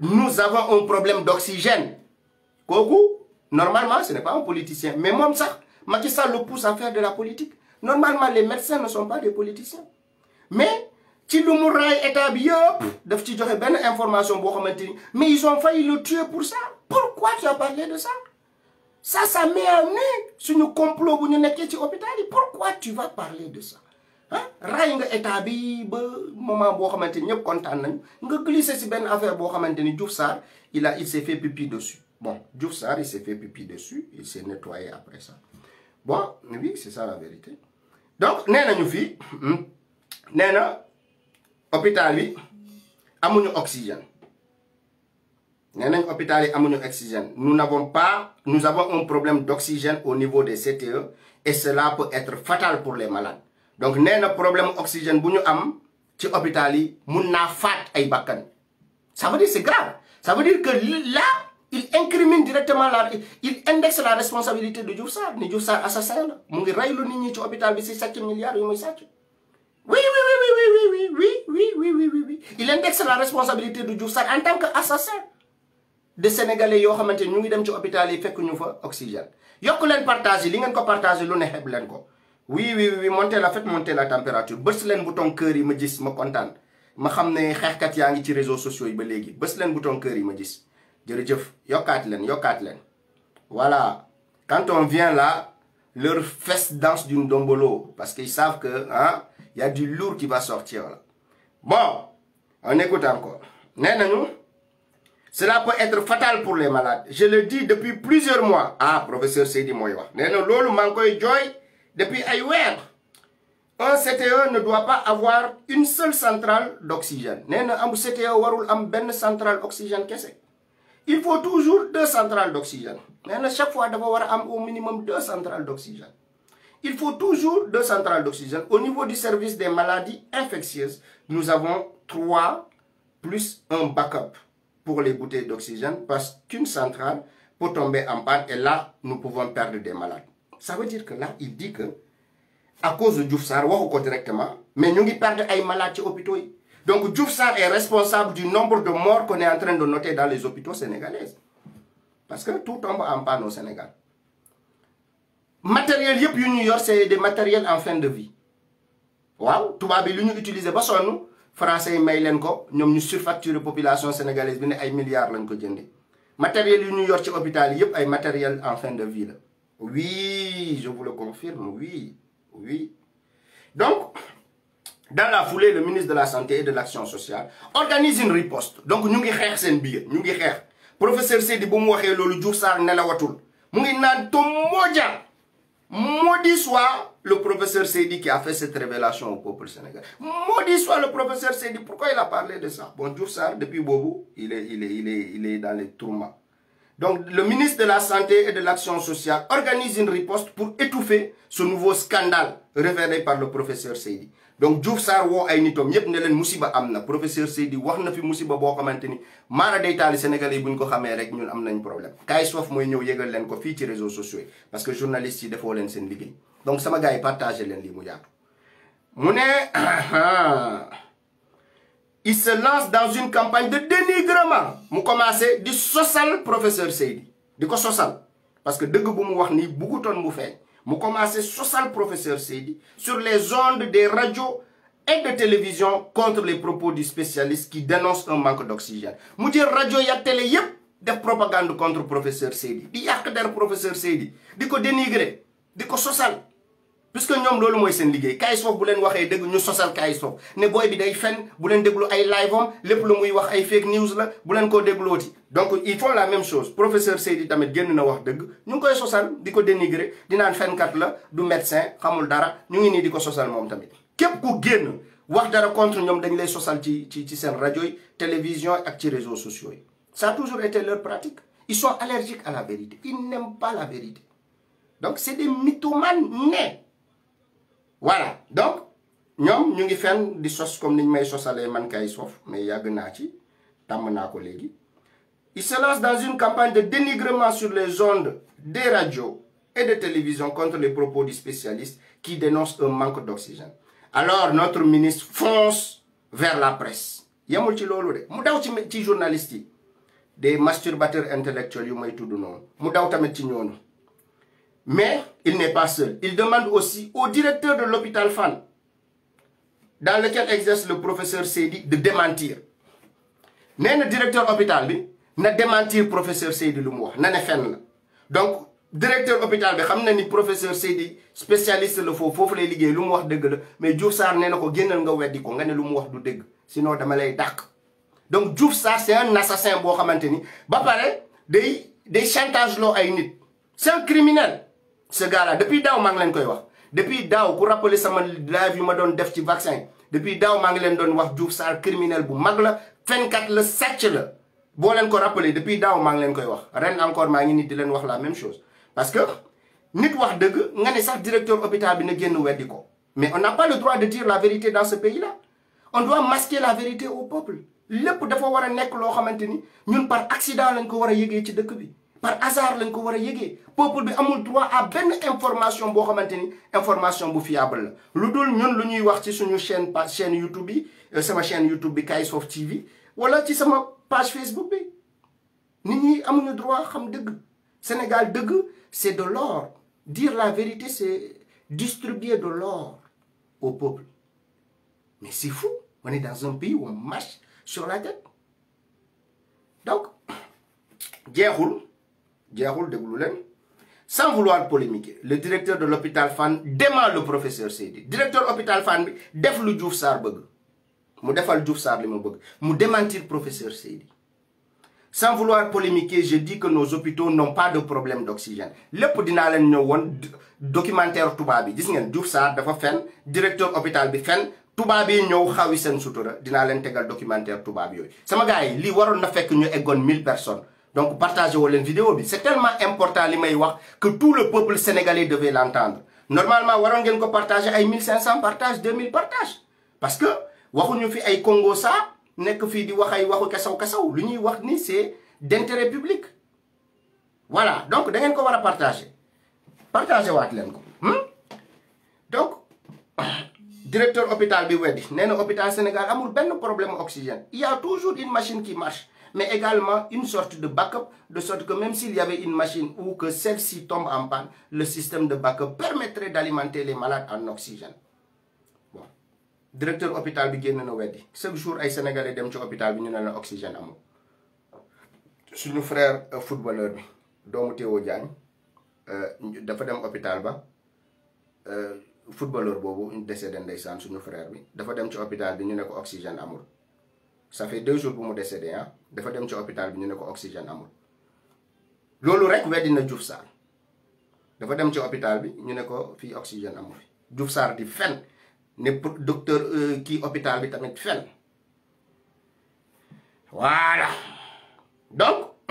nous avons un problème d'oxygène Kogou, normalement ce n'est pas un politicien mais même ça, le pousse à faire de la politique normalement les médecins ne sont pas des politiciens mais si lu est habillé état bi a daf ci joxe information mais ils ont failli le tuer pour ça pourquoi tu as parlé de ça ça ça met à nu le complot bu ñu nekkee ci hôpital pourquoi tu vas parler de ça Hein Raï est habillé, bi ba moment où xamante ni content. kontaan nga glisser ci affaire boo il a il s'est fait pipi dessus bon Diouf il s'est fait pipi dessus il s'est nettoyé après ça bon oui c'est ça la vérité donc nous, avons fii hmm, nee Nous hôpital yi amuñu oxygène hôpital oxygène nous n'avons pas nous avons un problème d'oxygène au niveau des CTE et cela peut être fatal pour les malades donc avons un problème d'oxygène pour nous am ci hôpital yi mun pas ça veut dire c'est grave ça veut dire que là il incrimine directement la il indexe la responsabilité de Diouf ni Diouf Sarr assassin la mu ngi reylu nit ñi ci hôpital bi ci 7 milliards yu moy Oui, oui oui oui oui oui oui oui oui oui oui oui, il indexe la responsabilité de Diouf en tant que assassin de sénégalais yo xamanteni ñu ngi dem ci hôpital yi fekk ñu fa oxygène yok leen partage yi li ngeen ko partage lu ne ko oui oui oui monter la fête monter la température bës leen bouton cœur yi ma gis ma contane ma xamné xex kat yaangi ci réseaux sociaux yi ba légui leen bouton cœur yi ma gis jërëjëf yokkaat leen yokkaat leen voilà quand on vient là leur fesse danse d'une dombolo parce qu'ils savent que hein y a du lourd qui va sortir bon on écoute encore nee cela peut être fatal pour les malades je le dis depuis plusieurs mois ah professeur Seydi mooy wax nee na loolu maa ngi koy jooy depuis ay un CTE ne doit pas avoir une seule centrale d'oxygène nee na am CTE warul am benn centrale oxygène kese il faut toujours deux centrales d'oxygène mais chaque fois il faut avoir au minimum deux centrales d'oxygène il faut toujours deux centrales d'oxygène au niveau du service des maladies infectieuses nous avons trois plus un backup pour les bouteilles d'oxygène parce qu'une centrale peut tomber en panne et là nous pouvons perdre des malades ça veut dire que là il dit que à cause du Diouf directement mais nous perdons perdre des malades ci hôpitaux donc Diouf est responsable du nombre de morts qu'on est en train de noter dans les hôpitaux sénégalais. Parce que tout tombe en panne au Sénégal. Matériel Yep yu York, c'est des matériels en fin de vie Wow, tout bi lu ñu utiliser nous, français et nous Nous ko surfacturé population sénégalaise bi avons milliards lañ matériel yu York yor ci hôpital yep, matériel en fin de vie oui je vous le confirme oui oui donc dans la foulée le ministre de la santé et de l'action sociale organise une riposte donc nous, ngi xeex nous biir ñu ngi Le professeur Seydi bu mu jour loolu Diouf Sarr nelawatul mu ngi naan maudit soit le professeur Seydi qui a fait cette révélation au peuple sénégalais maudit soit le professeur Seydi pourquoi il a parlé de ça bon sar, depuis Bobo, il est il est il est il est dans les tourments donc le ministre de la santé et de l'action sociale organise une riposte pour étouffer ce nouveau scandale révélé par le professeur Seydi donc djouf Sarr woo ay nitom ñëpp ne leen musiba amna professeur Seydi wax na fi musiba boo xamanteni ni maana day tali sénégalais buñ ko xamé rek ñun am nañ problème kay sof moy ñew yégal leen ko fi ci réseaux sociaux parce que journalistes yi defoo leen seen liggéey donc sama gars yi partagé leen li mu yaatu mu ne il se lance dans une campagne de dénigrement mu commencé di sosal professeur Seydi di ko sosal parce que deug bu mu wax nii bugutoon mu fait mu commencé social professeur Seydi sur les ondes des radios et de télévision contre les propos du spécialiste qui dénonce un manque d'oxygène radio radio radio ya télé yépp des propagande contre professeur Seydi di que der professeur Seydi di Il dénigrer a social social puisque ñom loolu moy seen liggéey kay Fof bu len waxé dëgg ñu sosal kay Fof ne boy bi day fenn bu len dégglu ay live am lepp lu muy wax ay fake news la bu len ko déglooti donc ils font la même chose professeur Seydi tamit genn na wax dëgg ñu koy sosal diko dénigrer di fenn kat la du médecin xamul dara ñu ngi ni diko ko sosal moom tamit képp ku genn wax dara contre ñom dañ lay sosal ci ci ci seen radio télévision ak ci réseaux sociaux ça a toujours été leur pratique ils sont allergiques à la vérité ils n'aiment pas la vérité donc c'est des mythomanes nés voilà donc ñom ñu ngi fenn di sos comme niñ may sosalé man kay sof mais yàgg naa ci tàmm naa ko légui il se lance dans une campagne de dénigrement sur les ondes des radios et de télévision contre les propos du spécialiste qui dénonce un manque d'oxygène alors notre ministre fonce vers la presse yamul ci lolu de mu daw ci ci journalistes des masturbateurs intellectuels yu may tuddu non mu daw tamit ci ñono mais il n'est pas seul. Il demande aussi au directeur de l'hôpital Fan, dans lequel exerce le professeur Seydi, de démentir. nee directeur hôpital bi na démentir professeur Seydi lu le wax donc directeur hôpital bi sait que ni professeur Seydi spécialiste la faux, foofu lay liggéey lu wax mais Diouf Sarr nee pas ko génnal nga il ko que ne lu mu wax du dëgg sinon dama lay donc Diouf Sarr c'est un assassin il xamante en ba pare day day chantage ay c'est un criminel ce gars-là depuis daw mang len koy wax depuis daw ku rappeler sama live yu ma doon def ci vaccin depuis daw mang len don wax djouf Sarr criminel bu mag la fenkat le sàcc la bo len ko rappeler depuis daw mang len koy wax ren encore maa ngi nit di len wax la même chose parce que nit wax deug nga ne sax directeur hôpital bi na génn weddi ko mais on n'a pas le droit de dire la vérité dans ce pays-là on doit masquer la vérité au peuple lepp dafa wara nek lo xamanteni ñun par accident lañ ko wara a ci dëkk bi par hasard lañ ko wara a peuple bi amul droit à une information bo xamanteni information bu fiable Ce lu dul ñun lu ñuy wax ci chaîne chaîne YouTube bi euh, sama chaîne YouTube bi of TV wala ci sama page Facebook bi nit ñi amuñu droit xam Le Sénégal c'est de l'or dire la vérité c'est distribuer de l'or au peuple mais c'est fou on est dans un pays où on marche sur la tête donc jeexul sans vouloir polémiquer le directeur de l'hôpital FAN dément le professeur Sidi. directeur hôpital l'hôpital Fan, def lu Djouf Sar bëgg mu defal Diouf li Il a mu démentir professeur Sidi. sans vouloir polémiquer je dis que nos hôpitaux n'ont pas de problème d'oxygène Le n'y a documentaire tubaab bi gis ngeen Djouf Sar dafa FAN directeur hôpital bi fenn tubaab yi ñëw xawi seen sutura dinaa leen documentaire tubaab C'est sama gars li waron fait na fekk ñu eggoon 1000 personnes donc partagez vous vidéo c'est tellement important li wax que tout le peuple sénégalais devait l'entendre normalement vous ngeen ko partager ay 1500 partages 2000 partages parce que ñu fi ay Congo ça nek fi di wax ay waxu kasaw kasaw lu ñuy wax ni c'est d'intérêt public voilà donc da ngeen ko wara partager partager wat len ko hmm? donc directeur hôpital bi nous néna na hôpital Sénégal amul un problème oxygène il y a toujours une machine qui marche mais également une sorte de backup, de sorte que même s'il y avait une machine ou que celle-ci tombe en panne, le système de backup permettrait d'alimenter les malades en oxygène. Bon. Directeur hôpital bi génn na weddi chaque jour les sénégalais dem ci hôpital bi ñu ne la oxygène frère euh, footballeur bi Théo Diagne euh, dafa hôpital ba euh, footballeur bobu décédé ndeysaan suñu frère bi dafa dem ci hôpital bi ñu ne oxygène ça fait deux jours bu mu décédé hein dafa dem ci hôpital bi ñu ne ko oxygène amul loolu rek weddi na Diouf Sarr dafa dem ci hôpital bi ñu ne ko fii oxygène amul fi Diouf Sarr di fen ne docteur euh, kii hôpital bi tamit fen voilà donc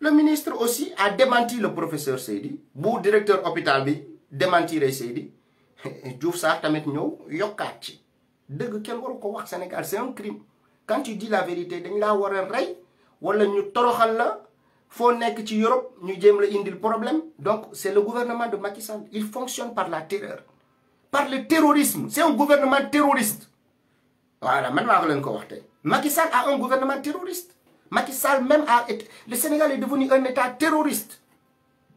le ministre aussi a démenti le professeur Seydi bu directeur hôpital bi démentiré Seydi juuf Sarr tamit ñëw yokkaat ci dëgg kenn waru ko wax Sénégal c'est un crime quand tu dis la vérité dañ la wara ray wala ñu toroxal la fo nek ci Europe ñu jëm problème donc c'est le gouvernement de Macky Sall il fonctionne par la terreur par le terrorisme c'est un gouvernement terroriste voilà man wax leen ko wax Macky Sall a un gouvernement terroriste Macky Sall même a été le Sénégal est devenu un état terroriste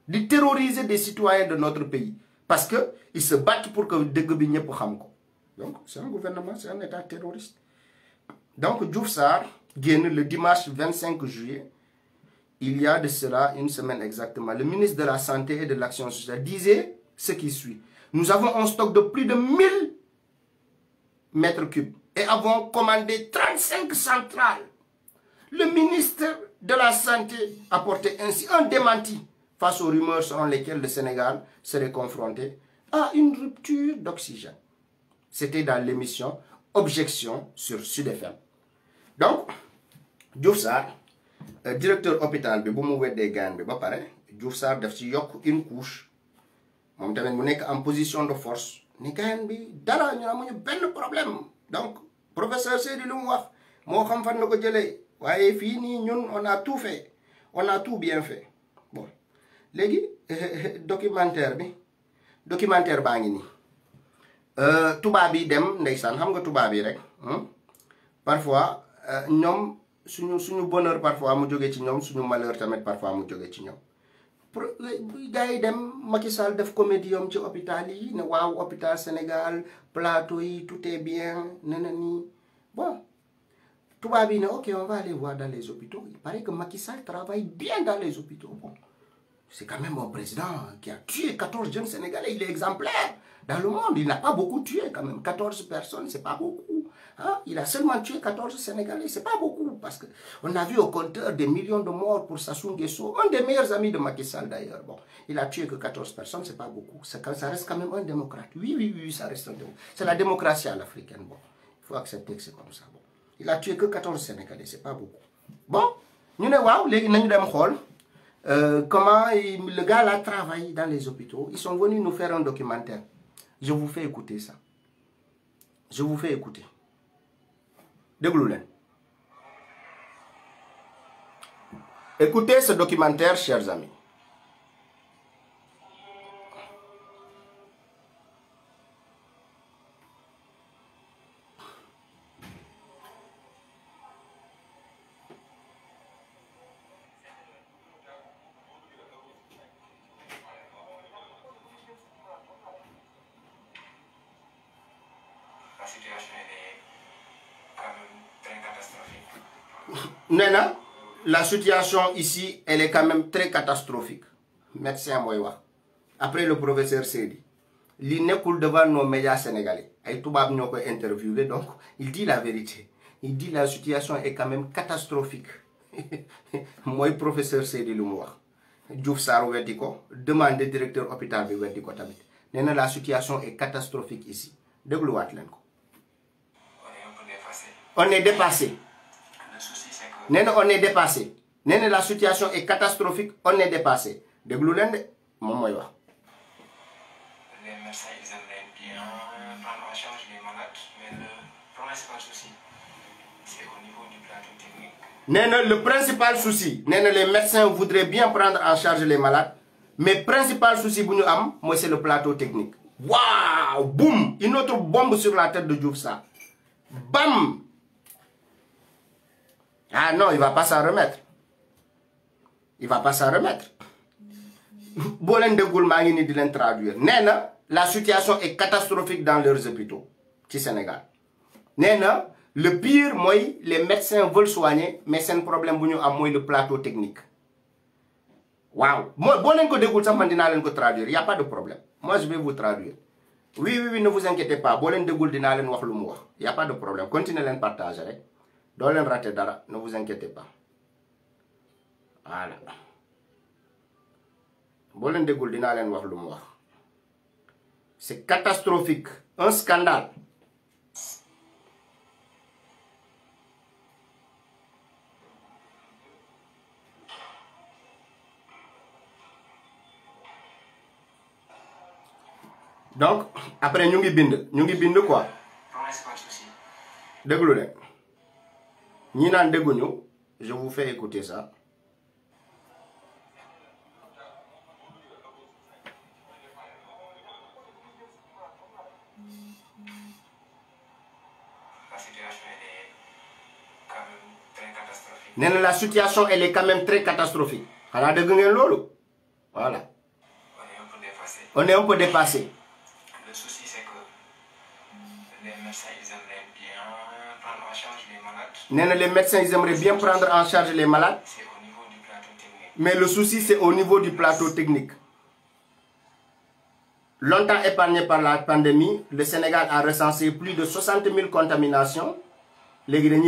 Il terroriser des citoyens de notre pays parce que ils se battent pour que deug bi ñep xam ko donc c'est un gouvernement c'est un état terroriste donc Diouf Sar, le dimanche 25 juillet il y a de cela une semaine exactement le ministre de la santé et de l'action sociale disait ce qui suit nous avons un stock de plus de 1000 mètres cubes et avons commandé 35 centrales le ministre de la santé a porté ainsi un démenti face aux rumeurs selon lesquelles le Sénégal serait confronté à une rupture d'oxygène c'était dans l'émission Objection sur Sud FM donc Diouf Sarr euh, directeur hôpital bi bu mu weddee gaan bi ba pare Diouf Sarr def ci yokk une couche moom tamit mu nekk en position de force ni gaan bi dara ñu amuñu benn problème donc professeur Seydi di mu wax moo xam fan la ko jëlee waaye fii nii ñun on a tout fait on a tout bien fait bon léegi documentaire bi documentaire baa ngi nii euh, tubaab yi dem ndeysaan xam nga tubaab yi rek hmm? parfois Euh, ñom suñu suñu bonheur parfois mu joggé ci ñom suñu malheur tamit parfois mu joggé ci ñoom. Euh, gars yi dem Macky Sall def comédie yom ci hôpital yi ne waaw hôpital Sénégal plateau yi tout est bien ne bon tout va bien. ok on va aller voir dans les hôpitaux il paraît que Macky Sall travaille bien dans les hôpitaux bon c'est quand même un président qui a tué 14 jeunes Sénégalais il est exemplaire dans le monde il n'a pas beaucoup tué quand même 14 personnes c'est pas beaucoup Hein? Il a seulement tué 14 Sénégalais. C'est pas beaucoup parce qu'on a vu au compteur des millions de morts pour Sassou Nguesso, un des meilleurs amis de Macky Sall d'ailleurs. Bon, il a tué que 14 personnes, c'est pas beaucoup. Ça, reste quand même un démocrate. Oui, oui, oui, ça reste un démocrate. C'est la démocratie à l'africaine. Bon, il faut accepter que c'est comme ça. Bon. Il a tué que 14 Sénégalais, c'est pas beaucoup. Bon, nous euh, avons comment le gars a travaillé dans les hôpitaux. Ils sont venus nous faire un documentaire. Je vous fais écouter ça. Je vous fais écouter écoutez ce documentaire chers amis la situation ici, elle est quand même très catastrophique. Médecin Moïwa. Après le professeur Sedi. L'île coule devant nos médias sénégalais. Et tout interviewé, donc il dit la vérité. Il dit la situation est quand même catastrophique. Moi, professeur Sedi Lumouar. Diouf Saro Wediko, demande directeur hôpital de Wediko Tabit. La situation est catastrophique ici. De On est dépassé. On est dépassé on est dépassé la situation est catastrophique on est dépassé De leen de moom mooy les médecins voudraient bien euh, prendre en charge les malades mais le principal souci c'est au niveau du plateau technique. le principal souci les médecins voudraient bien prendre en charge les malades mais principal souci am moi c'est le plateau technique. Waouh boum une autre bombe sur la tête de Diouf bam. Ah non, il ne va pas s'en remettre. Il ne va pas s'en remettre. Bolen de Goulmagini de traduire. Nena, la situation est catastrophique dans leurs hôpitaux, au Sénégal. Nena, le pire, moi, les médecins veulent soigner, mais c'est un problème pour nous, à le plateau technique. Waouh! Moi, Bolen de je vais traduire. Il n'y a pas de problème. Moi, je vais vous traduire. Oui, oui, oui, ne vous inquiétez pas. Bolen de traduire? il n'y a pas de problème. Continuez à partager doo leen raté dara ne vous inquiétez pas voilà boo leen déggul dinaa leen wax lu wax c'est catastrophique un scandale donc après ñu ngi bind ñu ngi bind quoi ah déglu je vous fais écouter ça la situation elle est quand même très catastrophique est quand même très voilà on est un peu dépassé le souci c'est que les médecins ils les médecins ils aimeraient bien prendre en charge les malades. mais le souci c'est au niveau du plateau technique. Longtemps épargné par la pandémie, le Sénégal a recensé plus de 60 000 contaminations. Les vidéo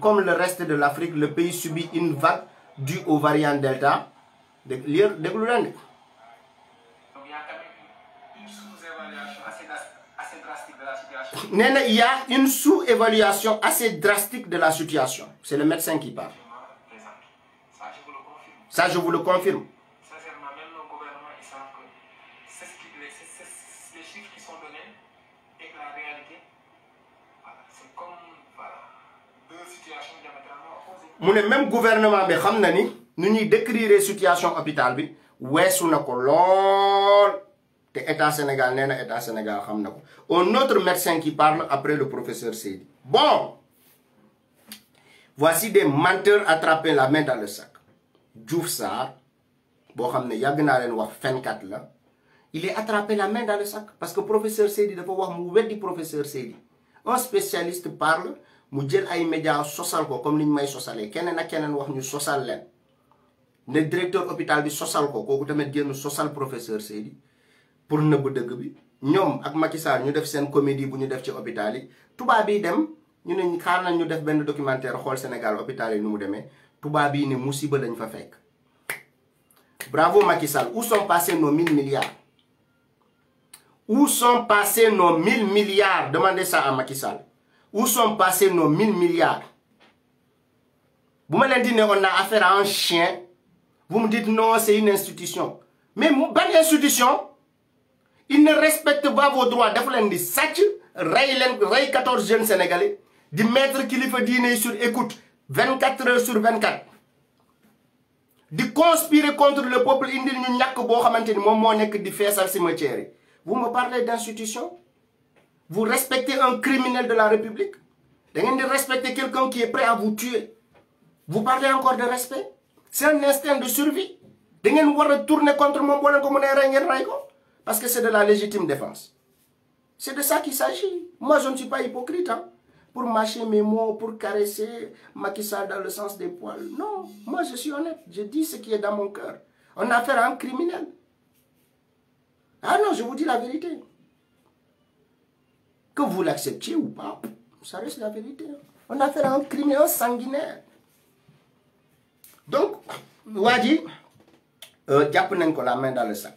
comme le reste de l'Afrique le pays subit une vague due au variant Delta que lire Il y a une sous-évaluation assez drastique de la situation. C'est le médecin qui parle. Ça, je vous le confirme. Ça, c'est même le gouvernement. Ils savent que c'est les chiffres qui sont donnés et la réalité, c'est comme deux situations diamétralement opposées. Même le gouvernement nous la situation à l'hôpital. Oui, c'est te état Sénégal nee état Sénégal On na ko un autre médecin qui parle après le professeur Seydi bon voici des menteurs attrapés la main dans le sac Djouf Sarr boo xam ne yàgg naa leen la il est attrapé la main dans le sac parce que professeur Seydi dafa wax mu weddi professeur Seydi un spécialiste parle mu jël ay médias sosal ko comme ni ñu may sosalee keneen ak keneen wax ñu sosal leen directeur hôpital bi sosal ko kooku tamit génn sosal professeur Seydi pour nëbb deug bi ñom ak Macky Sall ñu def une comédie bu ñu def ci hôpital yi tubaab yi dem ñu ne xaar nañ ñu def ben documentaire xol Sénégal hôpital yi nu mu démé tubaab bi ne musibe lañ fa fekk. bravo Macky Sall où sont passés nos 1000 milliards où sont passés nos 1000 milliards demandez ça à Macky Sall où sont passés nos 1000 milliards bu ma dites di né on a affaire à un chien vous me dites non c'est une institution mais mu institution. Ils ne respecte pas vos droits Ils di sàcc 14 jeunes sénégalais di mettre kilifa dîner sur écoute 24 heures sur 24. de conspirer contre le peuple indien, ñu ñàkk boo xamante ni moom moo di cimetière vous me parlez d'institution vous respectez un criminel de la république Vous respectez respecter quelqu'un qui est prêt à vous tuer vous parlez encore de respect c'est un instinct de survie Vous ngeen tourner contre mon boo comme ko mune ray ngeen parce que c'est de la légitime défense. C'est de ça qu'il s'agit. Moi, je ne suis pas hypocrite. Hein. pour mâcher mes mots, pour caresser Macky dans le sens des poils. Non, moi, je suis honnête. Je dis ce qui est dans mon cœur. On a affaire à un criminel. Ah non, je vous dis la vérité. Que vous l'acceptiez ou pas, ça reste la vérité. Hein. On a affaire à un criminel sanguinaire. Donc, Wadi, euh, la main dans le sac.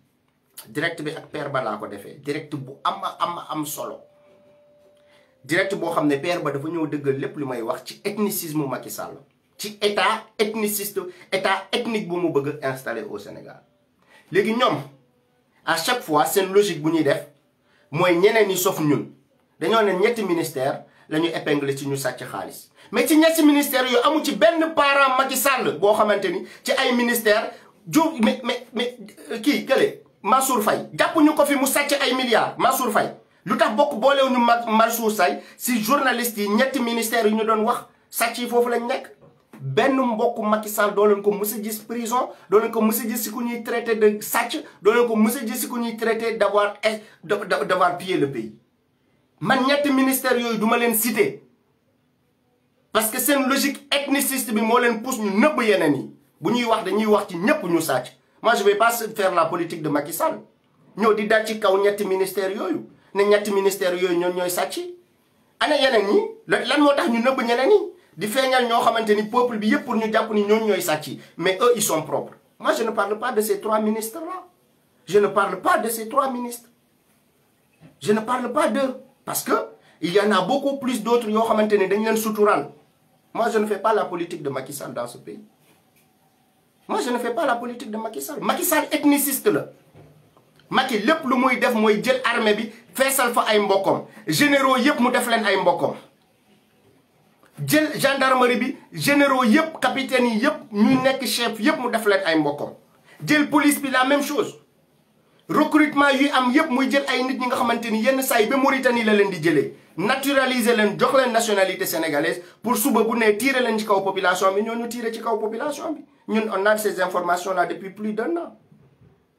direct bi ak père ba laa ko defee direct bu am am am solo direct boo xam ne père ba dafa ñëw dëggal lépp lu may wax ci ethnicisme Macky Sall ci état ethniciste état ethnique bu mu bëgg installé au Sénégal léegi ñoom à chaque fois seen logique bu ñuy def mooy ñeneen ñi sof ñun dañoo ne ñetti ministère la ñu épinglé ci ñu sàcc xaalis mais ci ñetti ministères yu amu ci benn parent Macky Sall boo xamante ni ci ay ministère ju mais mais mais kii kële Mansour Faye jàpp ñu ko fi mu sàcc ay milliards Mansour Faye lutax tax bokk boolewuñu Mansour Say si journaliste yi ñetti ministère yu ñu doon wax sàcc yi foofu lañ nekk benn mbokk Macky Sall doo leen ko mës gis prison doo leen ko mës a gis si ku ñuy traité de sàcc doo leen ko mës a gis si ku ñuy traité d' avoir d' avoir pillé le pays man ñetti ministère yooyu duma leen cité parce que seen logique ethniciste bi moo leen pousse ñu nëbb yeneen yi bu ñuy wax dañuy wax ci ñëpp ñu sàcc moi je ne vais pas faire la politique de Macky Sall ñëw di dal ci kaw ñetti ministères yooyu ne ñetti ministères yooyu Ils ñooy sàcc ana yeneen ñi lan moo tax ñu nëbb ñeneen di feeñal ñoo xamante peuple bi pour ñu jàpp ni ñoom ñooy mais eux ils sont propres moi je ne parle pas de ces trois ministres là je ne parle pas de ces trois ministres je ne parle pas d'eux parce que il y en a beaucoup plus d'autres qui ont maintenu dañ leen moi je ne fais pas la politique de Macky Sall dans ce pays moi je ne fais pas la politique de Macky Sall Macky Sall ethniciste là Macky lépp lu muy def mooy jël armée bi feesal fa ay mbokkom généraux yëpp mu def leen ay mbokkom jël gendarmerie bi généraux yëpp capitaine yi yëpp ñuy nekk chef yëpp mu def leen ay mbokkom jël police bi la même chose recrutement yuy am yëpp muy jël ay nit ñi nga xamante ni yenn saa yi Mauritanie la leen di jëlee naturaliser leen jox leen nationalité sénégalaise pour suba bu ne tirer leen ci kaw population bi ñoo ñu tirer ci kaw population bi ñun on a ces informations là depuis plus d'un an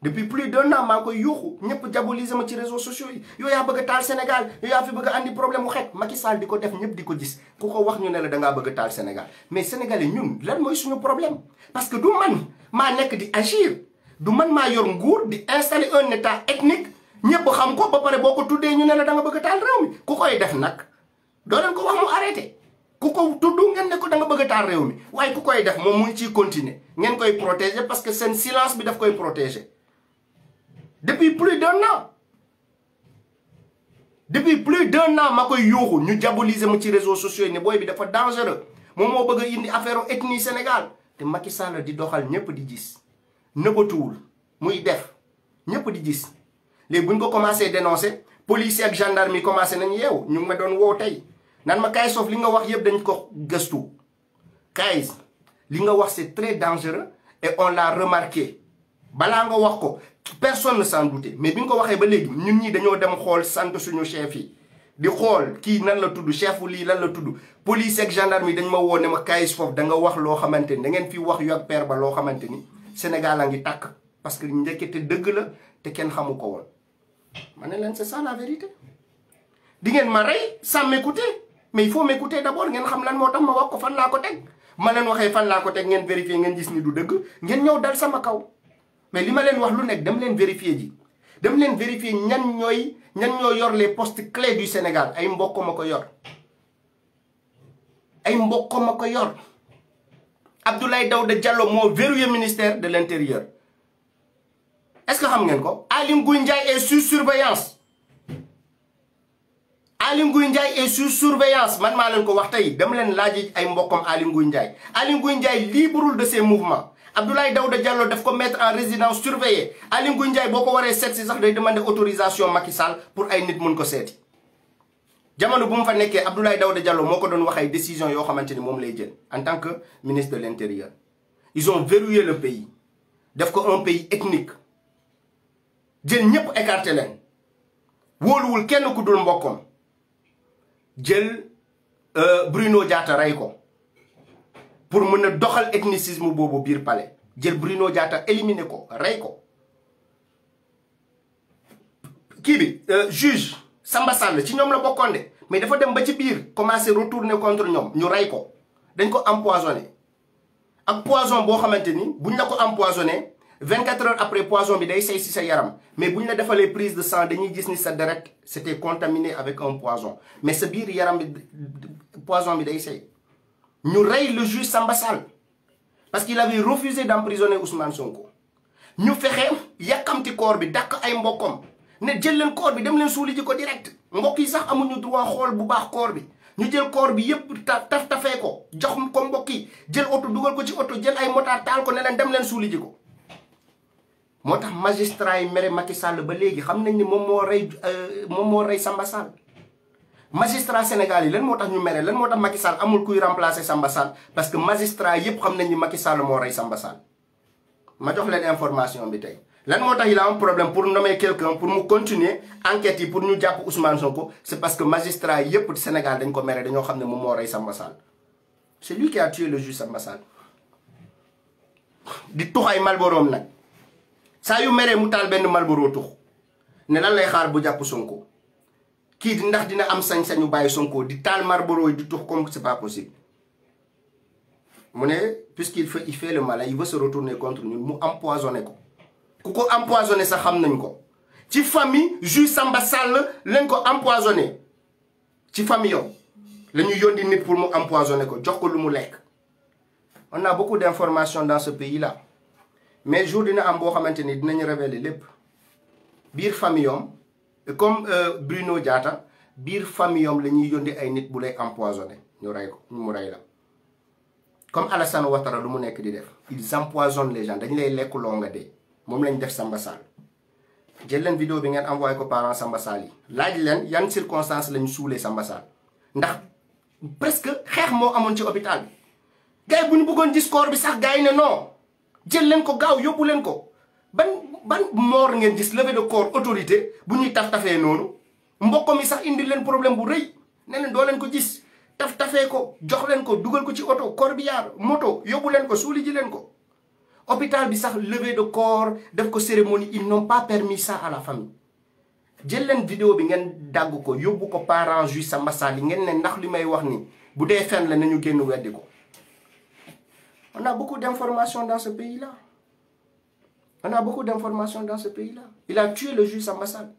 depuis plus d'un an maa ko koy ñep ñëpp diaboliser ma ci réseaux sociaux yi yo ya bëgg a taal Sénégal yow yaa fi bëgg a andi problème mu xeet Macky Sall di def ñep diko gis ku ko wax ñu ne la da nga bëgg taal Sénégal mais sénégalais ñun lan moy suñu problème parce que du man ma nek di agir du man ma yor nguur di installer un état ethnique ñepp xam ko ba paré boko tuddé ñu ne la da nga bëgg taal réew mi ku koy def nak do leen ko wax mu arrêté ku ko tudd ngeen né ko da nga bëgg taal réew mi waaye ku koy def moom mu ci continuer ngeen koy protéger parce que sen silence bi daf koy protéger depuis plus d'un an depuis plus d'un an ma koy yuuxu ñu jaboliser mu ci réseaux sociaux yi boy bi dafa dangereux moom mo bëgg indi affaire ethnie Sénégal té Macky Sall di doxal ñepp di gis nëbbatuwul muy def ñepp di gis léegi bu ko commencé dénoncé policier ak gendarme yi commencé nañ yew ñu ma doon woow tey naan ma kaay soof li nga wax yeb dañ ko gëstu kaay li nga wax c'est très dangereux et on l'a remarqué bala nga wax ko personne ne s'en doutait mais bi ko waxé ba légui ñun ñi dañoo dem xol sante suñu chef yi di xol ki nan la tuddu chef li lan la tuddu police ak gendarme yi dañ ma woo ne ma kayis foofu da nga wax lo xamanteni da ngeen fi wax yu ak père ba lo xamanteni Sénégal la ngi tak parce que njëkkete deug la té kenn xamu ko woon ma ne c'est ça la vérité di ngeen ma sans m'écouter mais il faut m'écouter d'abord ngeen xam lan moo ma wax ko fan la ko tek. ma leen waxee fan la ko tek ngeen vérifier ngeen gis ni du deug. ngeen ñew dal sama kaw mais li ma leen wax lu nek dem len vérifier ji dem len vérifier ñan ñoy ñan ñoy yor les postes clés du Sénégal ay mbokko mako yor ay mbokko mako yor Abdoulaye Daouda Diallo mo verrouillé ministère de l'intérieur est-ce que vous ko Alim est sous surveillance Alim Ngouille est sous surveillance man vous leen ko wax tey dama leen laaji ay mbokkam comme Alim Ndiaye Alim Ngouille est libreul de ses mouvements Abdoulaye Daouda Diallo daf ko mettre en résidence surveillée Alim Ngouille Ndiaye boo ko waree seet demander autorisation Macky Sall pour ay nit mën ko seeti jamono bu fa que Abdoulaye Daouda Diallo moo donné une wax ay décision en tant que ministre de l'intérieur ils ont verrouillé le pays def ko un pays ethnique jël ñëpp écarté leen wóoluwul kenn ku dul euh, Bruno Diatta rey ko pour mën a doxal ethnicisme boobu biir Bruno Diatta éliminé ko ko euh, juge Samba ci ñoom la mais dafa dem ba ci biir retourner contre ñoom ñu rey ko dañ ko empoisonné ak 24 heures après poison bi day sey ci sa yaram mais buñ ñu la defalee prise de sang dañuy gis ni sa direct, c'était contaminé avec un poison mais ce bir yaram bi poison bi day sey ñu rey le juge Samba Sall parce qu'il avait refusé d'emprisonner Ousmane Sonko ñu fexé yakamti corps bi dak ay mbokkam ne jël leen corps bi dem leen souli ci ko direct mbokk yi sax amuñu droit xol bu baax corps bi ñu jël corps bi yépp taf tafé ko jox ko mbokk yi jël auto duggal ko ci auto jël ay motard tal ko ne leen dem leen souli ko moo magistrat yi méré Macky Sall ba légui xamnañ ni mom mo rey euh, mom mo rey Samba Sall magistrat sénégalais, yi lan moo ñu méré lan motax tax Macky Sall amul kuy remplacer Samba Sall parce que magistrat yépp xamnañ ni Macky Sall moo rey Samba Sall ma jox leen information bi tay lan motax il a un problème pour nommer quelqu'un pour mu continuer enquête yi pour ñu japp Ousmane Sonko c'est parce que magistrat yépp Sénégal dañ ko méré dañu xamné mom mo moo rey Samba Sall c'est lui qui a tué le juge Samba Sall di tux ay borom nak saa yu meree mu Malboro tux ne lan lay xaar bu japp Sonko ki ndax dina am sañ-sañu Sonko di tal marboro di c'est pas possible puisqu'il fait il fait le malin il veut se retourner contre nous, mu empoisonné ko empoisonné xam nañ ko ci famille Samba ko empoisonné ci famille la yondi nit pour mu on a beaucoup d'informations dans ce pays là mais jour dina am bo xamanteni ni dinañu révéler lépp biir famillom comme euh, Bruno Diatta biir famillom la ñuy yónni ay nit bu lay empoisonné ñu ray ko ñu mu la comme Alassane Ouattara lu mu nekk di def ils empoisonnent les gens dañ lay lek loo nga dee moom lañ def Samba jël len vidéo bi ngeen envoyé ko parents Samba Sall yi laaj leen yan circonstances lañ suulee Samba Sall ndax presque xex mo amone ci hôpital gay buñu yi discours bi sax gay ne non jël leen ko gaaw yóbbu leen ko ban ban mor ngeen gis levée de corps autorité bu ñuy taf tafé noonu mbokk mi sax indi leen problème bu rëy ne leen doo leen ko gis taf tafé ko jox leen ko dugal ko ci auto corbillard moto yóbbu leen ko suuli ji leen ko. hôpital bi sax levée de corps def ko cérémonie ils n'ont pas permis ça à la famille jël leen vidéo bi ngeen dagg ko yóbbu ko parents ju sa massa li ngeen ne ndax li may wax ni bu dee fenn la nañu génn weddi ko. On a beaucoup d'informations dans ce pays-là. On a beaucoup d'informations dans ce pays-là. Il a tué le juge ambassade.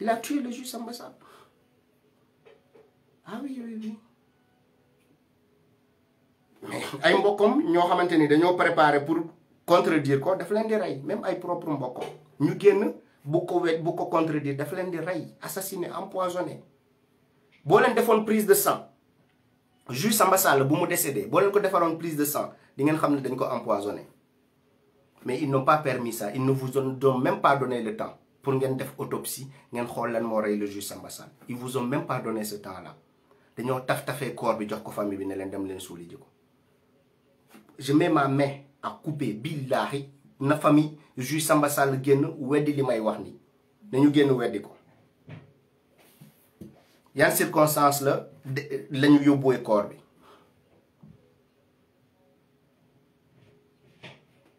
Il a tué le juge ambassade. Ah oui, oui, oui. mais ay des gens qui préparé pour contredire ko même ay propre mboko ñu nous bu ko wet bu ko contredire daf leen di assassiné leen prise de sang juge Samba Sall bu mu décédé bo len ko défarone prise de sang di ngén xamné dañ ko empoisonné mais ils n'ont pas permis ça ils ne vous ont même pas donné le temps pour ngén def autopsie ngén xol lan mo ray le juge Samba Sall ils vous ont même pas donné ce temps là dañoo taf tafee corps bi jox ko famille bi ne dem len souli je mets ma main à couper billahi na famille juge Samba Sall génn wéddi limay wax ni dañu génn yan circonstance la la ñu yóbbuwee corps bi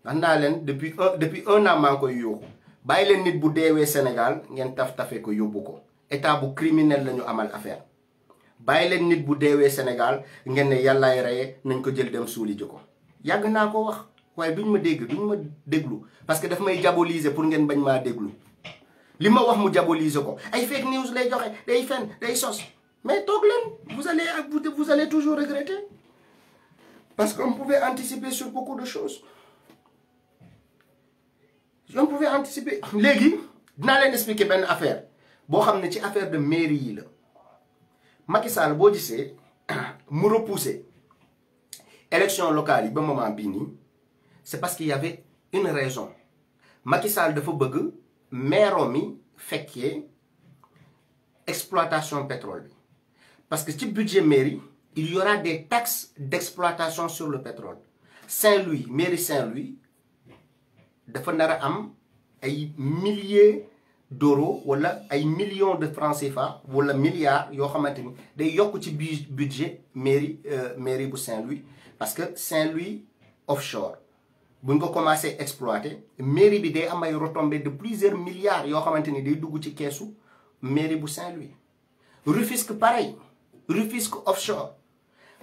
wax naa leen depuis un depuis un an maa koy yóoxu bàyyi leen nit bu deewee Sénégal ngeen taf tafe ko yóbbu ko état bu la ñu amal affaire bàyyi leen nit bu deewee Sénégal ngeen ne yàllaay reye nañ ko jël dem suuli ko yàgg naa ko wax waaye duñ ma dégg duñ ma déglu parce que daf may diaboliser pour ngeen bañ maa déglu lima wax mu diaboliser ko ay fake news lay joxe day fen day mais toglen, vous allez vous allez toujours regretter parce qu'on pouvait anticiper sur beaucoup de choses on pouvait anticiper je vais vous expliquer une affaire Si vous ci affaire de mairie Makisal, la Macky Sall bo mu repoussé élection locale ba moment c'est parce qu'il y avait une raison Macky Sall dafa bëgg meeroom mi exploitation pétrole parce que le budget mairie il y aura des taxes d'exploitation sur le pétrole Saint-Louis mairie Saint-Louis il a am milliers d'euros wala ay millions de francs CFA wala milliards il y day yok ci budget mairie euh, mairie Saint-Louis parce que Saint-Louis offshore buñ ko commencé exploiter mairie bi day am ay retombées de plusieurs milliards yo xamanteni day dugg ci keesu mairie bu Saint-Louis Rufisque pareil Rufisque offshore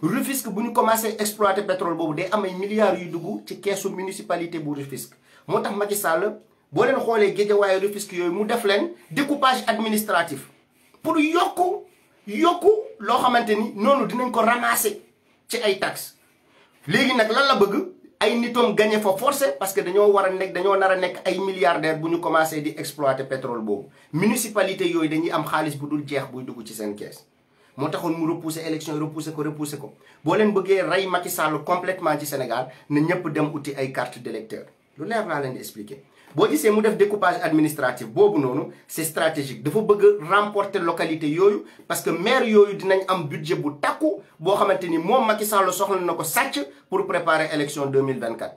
Rufisque buñ ñu commencé exploiter pétrole bobu day am ay milliards yu dugg ci keesu municipalité bu Rufisque motax tax Macky Sall boo leen xoolee Guédiawaye Rufisque yoy mu def len découpage administratif pour yokku yokku lo xamanteni ni dinañ ko ramasser ci ay taxes légui nak lan la bëgg ay nitom gagné fa forcé parce que dañoo wara nek nekk dañoo nar ay milliardaire buñu commencé di exploiter pétrole boobu municipalité yoy dañuy am xaalis bu dul jeex buy dugg ci sen caisse mo taxone mu repousser élection repousser ko repousser ko bo leen bëggé ray Macky Sall complètement ci Sénégal ne ñëpp dem uti ay carte d'électeur lu leer na leen expliquer boo gisee mu def découpage administratif bobu noonu c'est stratégique dafa bëgg remporter localité yoyu parce que maire yoyu dinañ am budget bu takku bo xamanteni ni Macky Sall soxla nako satch pour préparer élection 2024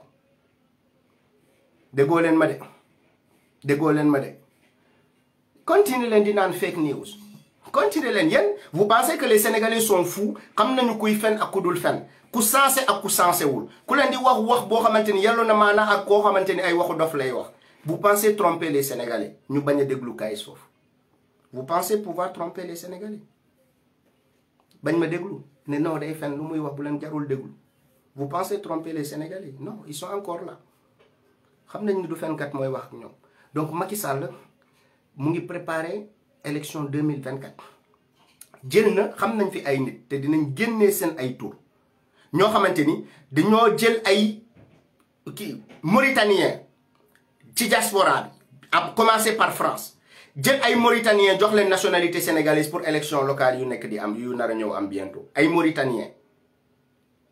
déggoo leen ma dé déggoo leen ma dé continue len di naan fake news continue len yéen vous pensez que les sénégalais sont fous xam nañu kuy fen ak kudul dul fen ku sensé ak ku sensé wul ku len di wax wax bo xamanteni ni na mana ak ko xamanteni ay waxu dof lay wax vous pensez tromper les Sénégalais Nous bagnons des gloukaïs sauf. Vous pensez pouvoir tromper les Sénégalais Bagne des déglou. Non, des fans, nous mouillons, vous garou déglou. Vous pensez tromper les Sénégalais Non, ils sont encore là. nous nañ du fenkat moy wax ñom. Donc Macky Sall mu ngi préparer élection 2024. Jël na xam fi ay nit té dinañ génné sen ay tour. Ño xamanteni dañoo jël ay des Mauritanien ci diaspora à commencer par France jël ay mauritanien jox leen nationalité sénégalaise pour élection locale yu nekk di am yu nar a ñëw am bientôt ay mauritanien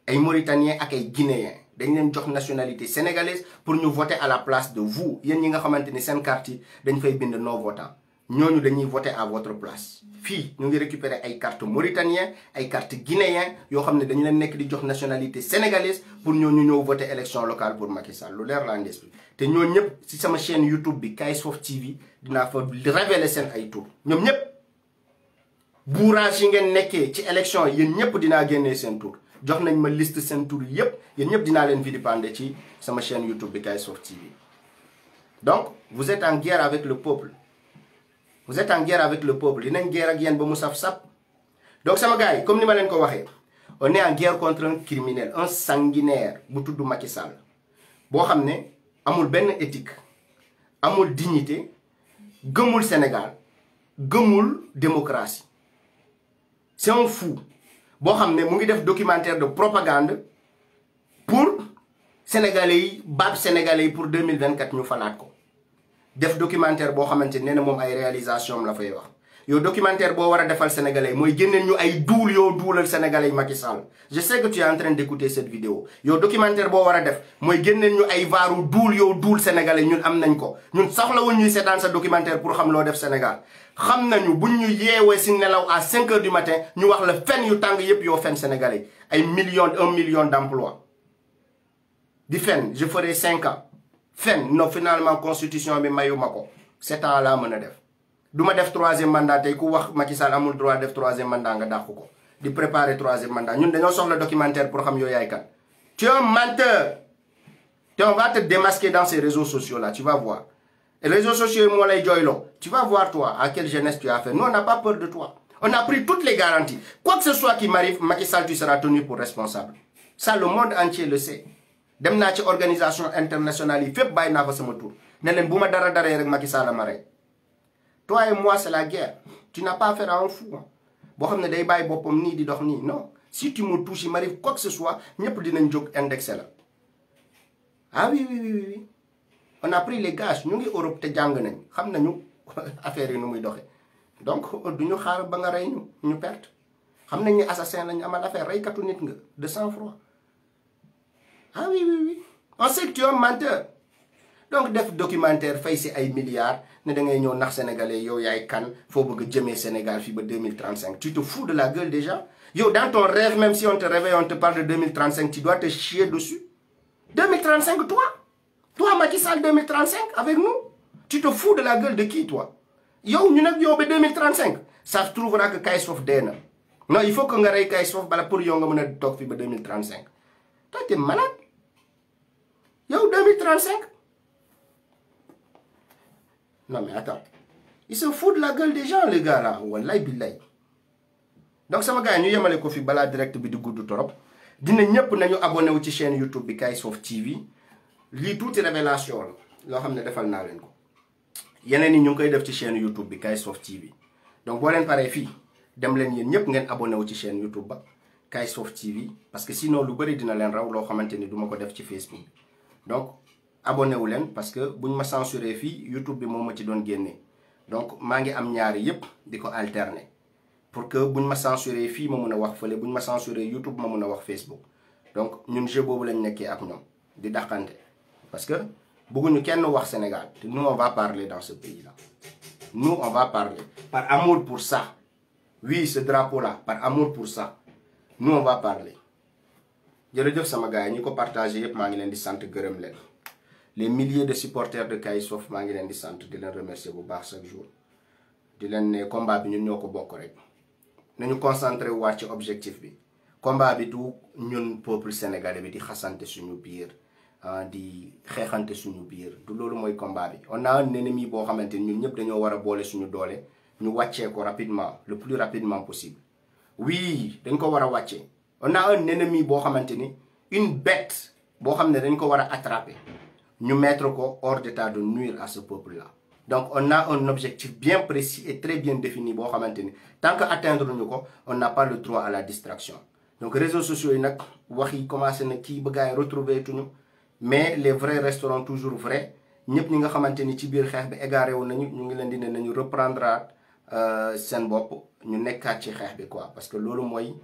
ay mauritanien ak ay guinéen dañ leen jox nationalité sénégalaise pour ñu voter à la place de vous yéen ñi nga xamante ni seen carte dañ fay bind non votant ñoñu dañuy voter à votre place fi ñu ngi récupérer ay carte mauritanien ay carte guinéen Yo, xamné dañu leen nek di jox nationalité sénégalaise pour ñoñu ñeu voter élection locale pour Macky Sall lu leer laa ngees bi te ñooñu ñëpp sama chaîne YouTube bi KS Fof TV dina fa révéler sen ay tour ñom ñep bourrage yi ngeen nekkee ci élection yeen ñep dina génné sen tour jox nañ ma liste sen tour yëpp yeen ñep dina leen vilipender ci sama chaîne YouTube bi KS Fof TV donc vous êtes en guerre avec le peuple vous êtes en guerre avec le peuple une guerre avec yéen ba mu sap donc ça gars comme ni ma ko on est en guerre contre un criminel un sanguinaire bu tudd Macky Sall bo xamné amul ben éthique amul dignité gëmul Sénégal gëmul démocratie c'est un fou Il xamné ne mu ngi def documentaire de propagande pour sénégalais bab sénégalais pour 2024 ñu falaat def documentaire bo xamante ne mom ay réalisation la fay wax yo documentaire bo wara defal sénégalais moy génneel ñu ay duul yo le sénégalais Macky Sall je sais que tu es en train d'écouter cette vidéo Yo documentaire bo wara def moy génneel ñu ay vaaru duul yo duul sénégalais ñun am nañ ko ñun soxlawul ñuy sa documentaire pour xam lo def Sénégal xam nañu buñ ñu yéwé si nelaw à 5 h du matin ñu wax la fen yu tang yépp yo fen sénégalais ay million un million d'emplois di je ferai 5 ans fin non finalement constitution bi mayu ma à à ans laa mën def du ma troisième mandat tey ku wax Macky Sall amul droit def troisième mandat nga dakh ko di préparer troisième mandat ñun dañu le documentaire pour xam tu es un menteur tu on va te démasquer dans ces réseaux sociaux là tu vas voir Les réseaux sociaux lay tu vas voir toi à quelle jeunesse tu as fait nous on n'a pas peur de toi on a pris toutes les garanties quoi que ce soit qui m'arrive Macky tu seras tenu pour responsable ça le monde entier le sait dem naa ci organisation internationale yi fépp bàyyi naa fa sama tour ne leen bu ma dara daree rek Macky Sall ma toi et moi c'est la guerre tu n'as pas affaire à un fou hein. boo xam ne day bàyyi boppam nii di dox nii non si tu me touches il m'arrive quoi que ce soit ñëpp dinañ jóg indexé la ah oui oui oui oui on a pris les gages ñu ngi Europe te jàng nañ xam nañu affaire yi nu muy doxee donc du xaar ba nga rey ñu ñu perte xam nañ ni assassin lañu amal affaire reykatu nit nga de sang-froid ah oui oui oui on sait que tu es un menteur donc def documentaire fay ci ay milliards ne da ngay ñëw nax sénégalais yow yaay kan bëgg Sénégal fi 2035 tu te fous de la gueule déjà yo dans ton rêve même si on te réveille on te parle de 2035 tu dois te chier dessus 2035 toi toi Macky Sall 2035 avec nous tu te fous de la gueule de qui toi yo ñu nak yow ba 2035 ça se trouvera que Kaïs dee déna non il faut que nga Kaïs bala pour yow nga mëna tok fi 2035 toi es malade Yo, 2035 Non, mais attends. Ils se foutent de la gueule des gens, les gars, là. Wallahi billahi. Donc, ça m'a gagné. Nous sommes le faire un direct de Goudou Torop. Nous sommes allés abonner à la chaîne YouTube de TV. les toutes les révélations. Nous sommes allés les un direct. Nous sommes allés faire la chaîne YouTube de TV. Donc, vous allez faire un direct. Nous sommes vous abonner à la chaîne YouTube de TV. Parce que sinon, nous sommes allés faire un direct sur Facebook donc abonnez-vous, parce que buñ ma censurer fi YouTube bi moma ci doon guenné donc ma ngi am ñaari yépp diko alterner pour que buñ ma censurez fi ma mun wax feulé buñ ma censurer YouTube ma mun a wax Facebook donc ñun jeu vous lañ nekkee ak ñom di dakhanté parce que bëgguñu kenn wax Sénégal nous on va parler dans ce pays là nous on va parler par amour pour ça oui ce drapeau là par amour pour ça nous on va parler jërëjëf sama gars yi ñi ko partagé yëpp maa ngi leen di sant gërëm leen les milliers de supporters de Kaysof maa ngi leen di sant di leen remercier bu baax chaque jour di leen ne combat bi ñun ñoo ko bokk rek nañu concentré waat ci objectif bi combat bi du ñun peuple sénégalais bi di xasante suñu biir ah, di xeexante suñu biir du loolu mooy combat bi on a un ennemi boo xamante ñun ñëpp dañoo war a boole suñu doole ñu wàccee ko rapidement le plus rapidement possible oui dañ ko war a wàccee on a un ennemi bo xamanteni une bête qui va nous dañ ko wara attraper ñu mettre ko hors d'état de nuire à ce peuple là donc on a un objectif bien précis et très bien défini bo xamanteni tant que atteindre ñu ko on n'a pas le droit à la distraction donc réseaux sociaux nak nag wax commencé na retrouver tuñu mais les vrais resteront toujours vrais ñepp ñi nga xamanteni ci biir xex bi égaré wu nañu ñu ngi leen nañu reprendre euh, sen bopp ñu nekkaat ci xex bi quoi parce que lolu moy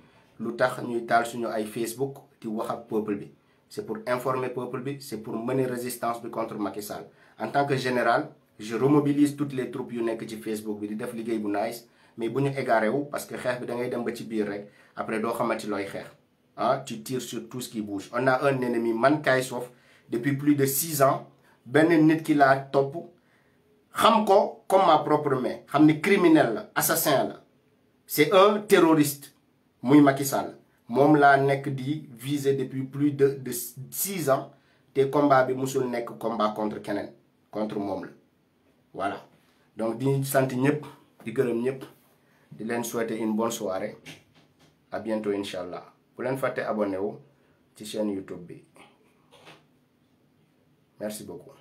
lu ñuy taal suñu ay Facebook di wax ak peuple bi c'est pour informer peuple bi c'est pour mener résistance contre Macky Sall en tant que général je remobilise toutes les troupes yu nekk ci Facebook bi di def liggéey bu nice mais bu ñu égaré wu parce que xex bi da ngay dem ba ci biir rek après do xamati loy xex ah tu tires sur tout ce qui bouge on a un ennemi man Sof depuis plus de six ans Ben nit ki la top xam ko comme ma propre main xamni un criminel un assassin c'est un terroriste Moui Macky Sall la nek di viser depuis plus de de six ans te combat bi musul nek combat contre Kenen. contre moom voilà donc di sant ñëpp di gërëm ñëpp di souhaiter une bonne soirée à bientôt Inch'Allah. Pour bu leen fàtte abonné wu ci chaîne YouTube bi merci beaucoup